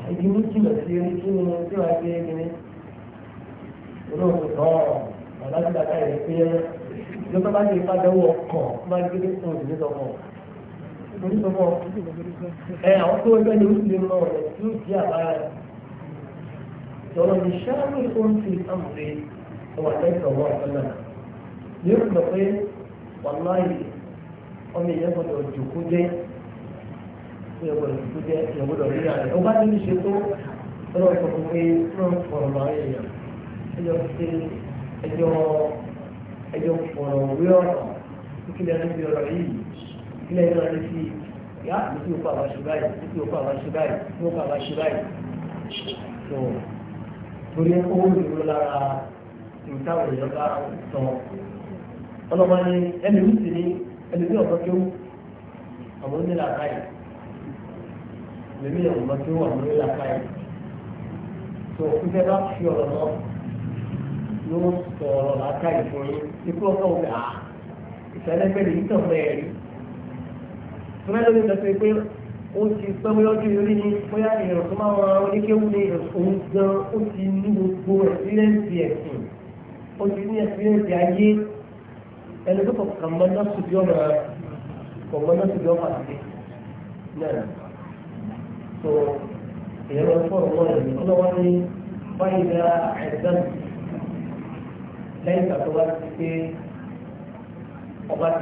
àìdí mú jìnà sí ẹni kí ni tí wàá gbé ẹni ní. olóòtú tọ́ọ̀ wàlá kí làtà ìlú pé yẹn lọ́kọ́ bá ti ipá dánwò ọkọ̀ máa ń gbé onígbọ̀mọ́ ẹ àwọn tó ẹgbẹ́ ni ó ti lè mọ ọ̀rọ̀ tí ó di àbára rẹ̀ tọ́lọ́ ní sáárù tó ń fi àmùrè ọwọ́ àtẹ́sọ̀ wọ́n ọ̀sánà ní ó sọ pé wàláyé ọmọ ìyẹn gbọdọ̀ jòkó jẹ́ ìyẹn gbọdọ̀ jòkó jẹ́ ìyẹn gbọdọ̀ rí àrẹ ó bá ní ní ṣe tó tọ́lọ́ sọ fún pé wọ́n fọ̀rọ̀ máa yẹ yàn ẹjọ́ ṣe ẹjọ́ ẹjọ́ fọ̀rọ̀ wí ọ̀rọ̀ kíkìlẹ̀ ilẹ̀ náà ní sí yá ní kí o kọ́ àwọn aṣọ báyìí ní kí o kọ́ àwọn aṣọ báyìí ní o kọ́ àwọn aṣọ báyìí. tó torí owó ìdúró lára ìtawọ̀ èèyàn sọ ọlọ́mọ ni ẹni wí sí ní ẹni bí ọ̀pọ̀ tó àwọn onílà báyìí lèmi ọ̀pọ̀ tó àwọn onílà báyìí tó fífẹ́ bá fi ọ̀rọ̀ náà ló sọ̀rọ̀ látàrí fún yín ikú ọ̀pọ̀ òun à ah, ìfẹ́lẹ́fẹ́ lè tàn mẹ́rin tọ́lá lórí ìtọ́sí pé ó ti pẹ́ bóyá ojú orí ni bóyá ìrọ̀ tó máa wọn oníkéwù ni òun gan ó ti ní gbogbo ẹ̀sìlẹ́ǹsì ẹ̀sìn ó ti ní ẹ̀sìlẹ́ǹsì ayé ẹni tó kọ̀ọ̀kan mọ́ náà sùn bí ọ̀nà kọ̀ọ̀kan náà sùn bí ọ̀nà àti náà tó èyí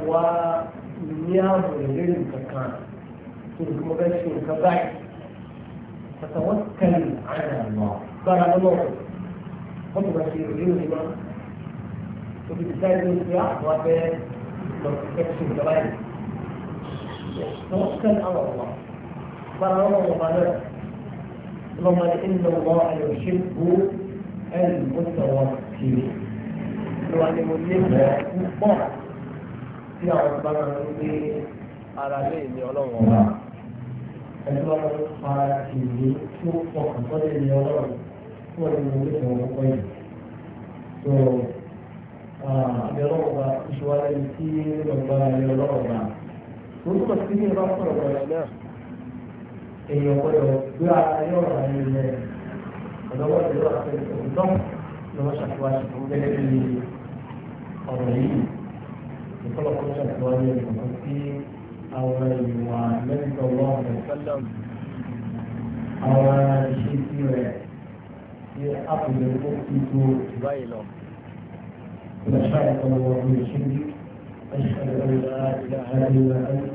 lọ ní ààbò ìlérí kankan tó ní mo fẹ́ ṣe nǹkan báyìí pàtàkì kẹlẹ̀ àyànmọ́ gbára lọ́wọ́ wọ́n tó bá ṣe ìrírí òní mọ́ tó fi dìtá ìlú ìlú àwọn abẹ́ lọ sí fẹ́ ṣe nǹkan báyìí pàtàkì kẹlẹ̀ àyànmọ́ gbára lọ́wọ́ wọn bá lọ́wọ́ اللهم إن الله يحب المتوكلين. يعني مسلم tí àwọn bá ń rán pé ara lè ní ọlọ́run ọba. ẹjọ́ ara ìwé tó fọkàn tó lè ní ọlọ́run tó lè ní orí ìwọ̀n ọkọ yìí. tó àbí ọlọ́run ọba ìṣòwárẹ́ ni tí ọgbà ní ọlọ́run ọba. tó túmọ̀ ní ìbá fún ọ̀rọ̀ rẹ̀ náà. èèyàn gbọ́dọ̀ gbé ara yóò rà ní ilẹ̀ ọ̀dọ́wọ́ ìlú àti òkútọ́ ni wọ́n ṣàfihàn ṣùgbọ́n gẹ́gẹ́ bí ọ̀rọ̀ yìí. kọ́lọ́kọ́ ṣàtúwárí ẹ̀rọ sí àwọn ìwà mẹ́ríkà wọ́n rẹ̀ àwọn ìṣesí rẹ̀ tí a kò lè kó kíkó báyìí lọ. Ìlàṣàkọ̀ wọ̀ ní ìṣẹ́jú أشهد أن لا إله إلا أنت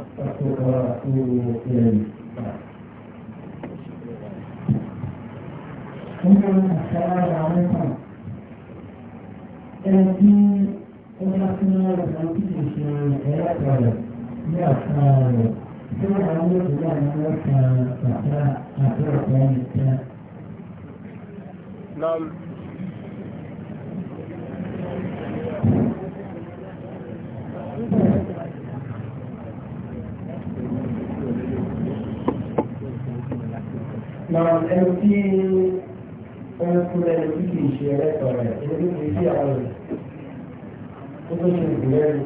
أستغفرك وأتوب إليك. السلام عليكم. ó bá tí wọ́n rẹ̀ wọ́n ti lè ṣe ẹ̀yàtọ̀ rẹ̀ ní ọ̀sán rẹ̀ tí àwọn olóògbé wà ní ọ̀sán bàbá àti ọ̀pọ̀ nìkan. Náà ẹni tí ó ń kú lẹ́nu tí kìí ṣe ẹlẹ́tọ̀ rẹ̀, ẹni tí kìí ṣe àwọn rẹ̀ tó tó ṣe ìgbìyànjú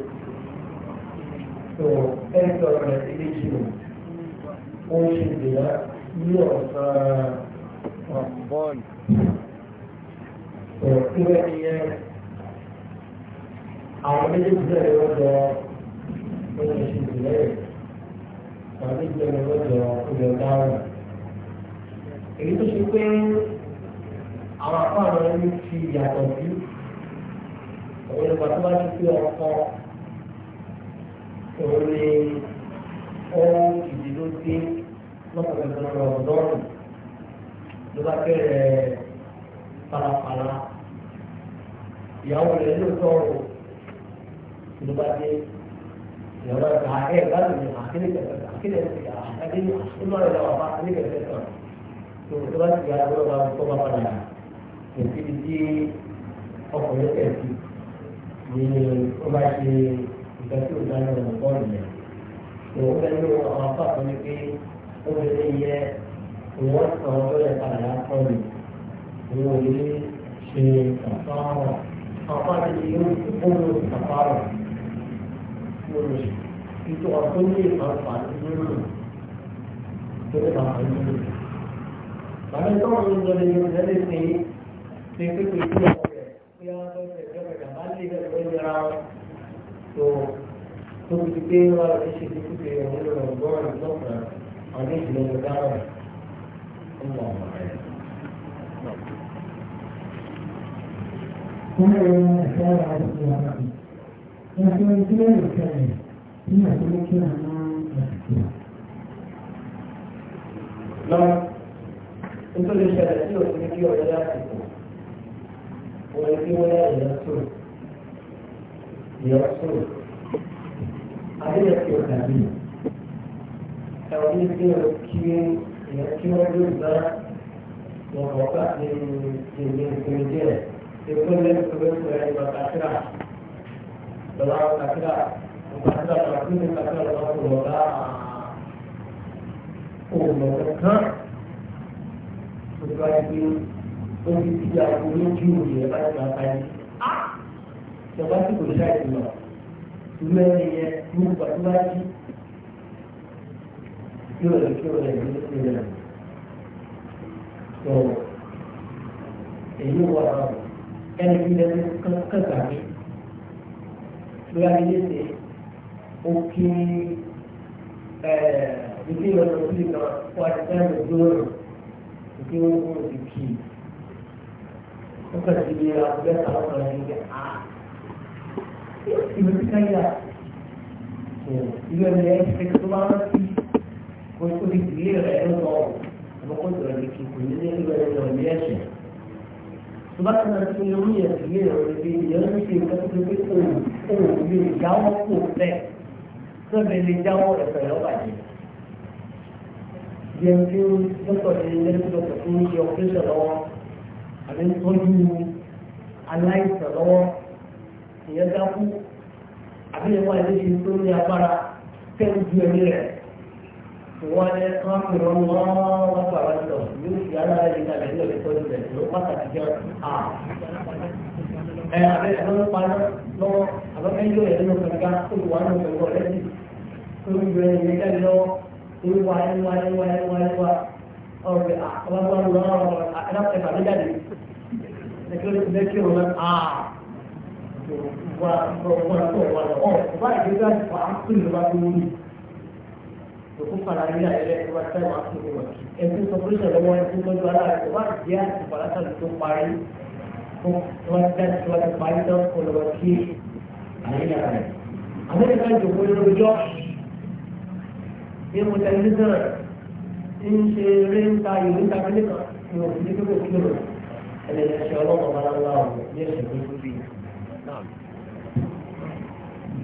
rẹ̀ tó ẹni tọrọ rẹ̀ ilé jù ó ṣe ìgbìyànjú ní ọ̀sán ọ̀bọ̀n tó ìwé ìyẹn àwọn méjèèjì bẹ̀rẹ̀ lọ́jọ́ ó ṣe ìgbìyànjú tàbí bẹ̀rẹ̀ lọ́jọ́ ìjọ dáhùn èyí tó ṣe pé àwọn afáàlọ́ ẹni ti yàtọ̀ sí òun nípa tó bá ti fi ọkọ òun ni ó ìdílódé lọ́kọ̀ọ̀kan lọ́dọ́ọ̀nù ló bá bẹ̀rẹ̀ palapala ìyàwó rẹ̀ ló sọ̀rọ̀ ló bá dé ìyàwó rẹ̀ kà ẹ̀ bá lè ní àkíní kẹ̀kẹ́ àkíní kẹ̀kẹ́ àkíní ìmọ̀ rẹ̀ lọ́wọ́ bá àkíní kẹ̀kẹ́ sọ̀rọ̀ tó tó bá ti yà lọ́wọ́ bá bá padà yà kò sí ti ọkùnrin tẹ̀sí ní ó ṣe ìgbà tí ó bọ́ọ̀lù yẹn tó ó fẹ́ ló àwọn afáàfọ́ ni pé ó lè lè yẹ ìwọ́n sọ ọ́ lè padà lásán ni ìwọ́n ò lè ṣe àfáàrọ̀ àfáàrọ̀ ni yóò ó lò àfáàrọ̀ ó lò ìtò ọ̀tún ní ìfàǹfà nínú tó lè máa ń lò. Bàbá ìtọ́wọ́n ló ń lọ lè yọ ìrẹ́lẹ̀ sí pé rárá tó tó fi pé wọn lè ṣe bí kúkẹ́ ìwọ̀n lọ gbọ́rọ̀ lọ́kàn àwọn ìdílé ló dáhùn ọmọ ọmọ rẹ̀. Wọ́n lè rán ẹ̀fọ́ ara rẹ̀ sí ara rẹ̀. Wọ́n fi ń gbé ìfẹ́ rẹ̀ ní àdúgbò kí àwọn àtìkù. Lọ́wọ́, nítorí ìṣẹ̀lẹ̀ tí òfin kí ọ̀rẹ́ láti kù, òun ni kí wọ́n yá ìyá sóòrò. يا رسول عليك يا حبيب توحيد يمكن يمكن الرجل ده وقع من من الجنة يكون لك قبول يعني متأخرة طلع متأخرة متأخرة تكون متأخرة الأمر وضع ومتأخرة تبقى يمكن أن يكون جوجي أنا ما أعرف ìjọba tí kò ṣáà ti lọ ìlú ẹni yẹn ní gbàdúrà jí kí ó lè kí ó lè ní ìlú tó èyí wà á ẹni tí lẹ́nu kankan mi lóyá ilé ṣe ó kí ìdí ìlọ́nà sí kan wà á ti dá ìlú lóòrùn ìdí ó ń ó kàn sí ilé agbẹ́ta ọkàn yìí á ìwé kíkà yà ìwé ẹ̀rọ ẹ̀ṣẹ̀ tó bá rán sí kó tó di ìdílé rẹ̀ ló lọ àbọ̀kọ́ ìdọ̀rọ̀ lè kí kò ní ní ìwé ẹ̀rọ ní ẹ̀ṣẹ̀ tó bá tẹ̀lé sí orí ìdílé rẹ̀ lè fi ìyẹn ní ṣe nǹkan tó pé kò ò lè jáwọ́ kò fẹ́ tó lè lè jáwọ́ ẹ̀fẹ̀ rẹ̀ bàjẹ́ yẹn tí ó dọ́tọ̀ ní lẹ́gbẹ̀ẹ́ tó ń ṣe ọ̀pẹ́ṣẹ̀ lọ́wọ́ àbí ń tọ́jú aláìsàn lọ́wọ́ ìyẹn dákú àbílẹ̀ wọn ẹni ṣe tó ní agbára tẹ́lú ju ẹni rẹ̀ wọ́n ní wọ́n fi rán wọ́n wọ́n fà wá sọ yóò fi ara rẹ̀ níta lẹ́yìn ọ̀rẹ́ tọ́jú rẹ̀ ló pàtàkì jẹ́ à. ẹ abẹ́rẹ́ ló ń paná lọ́wọ́ àbẹ́rẹ́ yóò yẹ nínú kankan tó wà nínú kankan ọ̀rẹ́ sí tó ń gbé ẹni yẹn jáde lọ́wọ́ ìwà ìwà ìwà ìwà ìwà ọ̀rẹ́ àwọn ọmọ ọmọ ọmọ ẹ̀dá ẹ̀fà méjàdé ẹ̀kẹ́ ló ti bẹ́ kí wà wà ọ̀ bá ìgbésẹ̀ wà á pè ló bá tó wúlò òkú fara nílẹ̀ ẹ̀rẹ́ tó bá tẹ́ wà á pè ló wà ẹ̀kú sọpọ́lẹ́sọ̀ lọ́wọ́ ẹ̀kú lọ́jọ́ ara rẹ̀ tó bá jẹ́ àtìpàlátà tó parí fún wọn jẹ́ àtìpàlátà parí tó kọ̀ lọ́wọ́ kí àyíká rẹ̀. àmẹ́ríkà ìjòkó lójọ́ ní mo tẹ̀lé sọ̀rọ̀ ń ṣe eré ń ta ìlú ń ta kílẹ̀ kan ní òfin tó kò kí lò ẹ̀lẹ́dẹ̀ṣẹ̀ ọlọ́mọ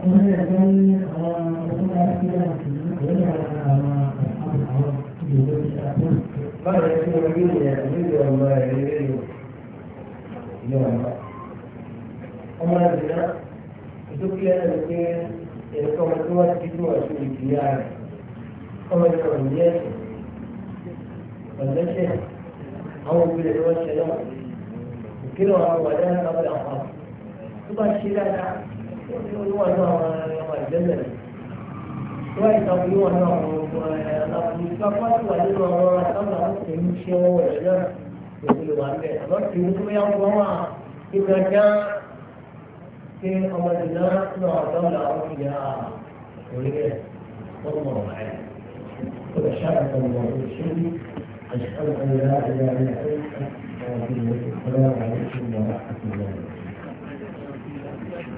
ọmọ ìdìnnà wà wà dáná kábàlà pa tó bá ṣe dáadáa oníwà náà ọmọ ìjẹ́lẹ̀ tó àìsàn oníwà náà ọmọ aláwọ̀dé tó apá tó wà nínú ọmọ àtàwọn àwọn èyí ṣe ọwọ́ rẹ̀ náà lòdì lè wà ń bẹ̀ àmọ́ kì í fún yà wọ́n wà nígbà já ṣe ọmọdé náà náà ọ̀dọ́ làwọn fi yà orí rẹ̀ wọ́n mọ̀ ọ̀rẹ́ وبشرك الله بالشرك أشهد أن لا إله إلا أنت السلام عليكم ورحمة الله وبركاته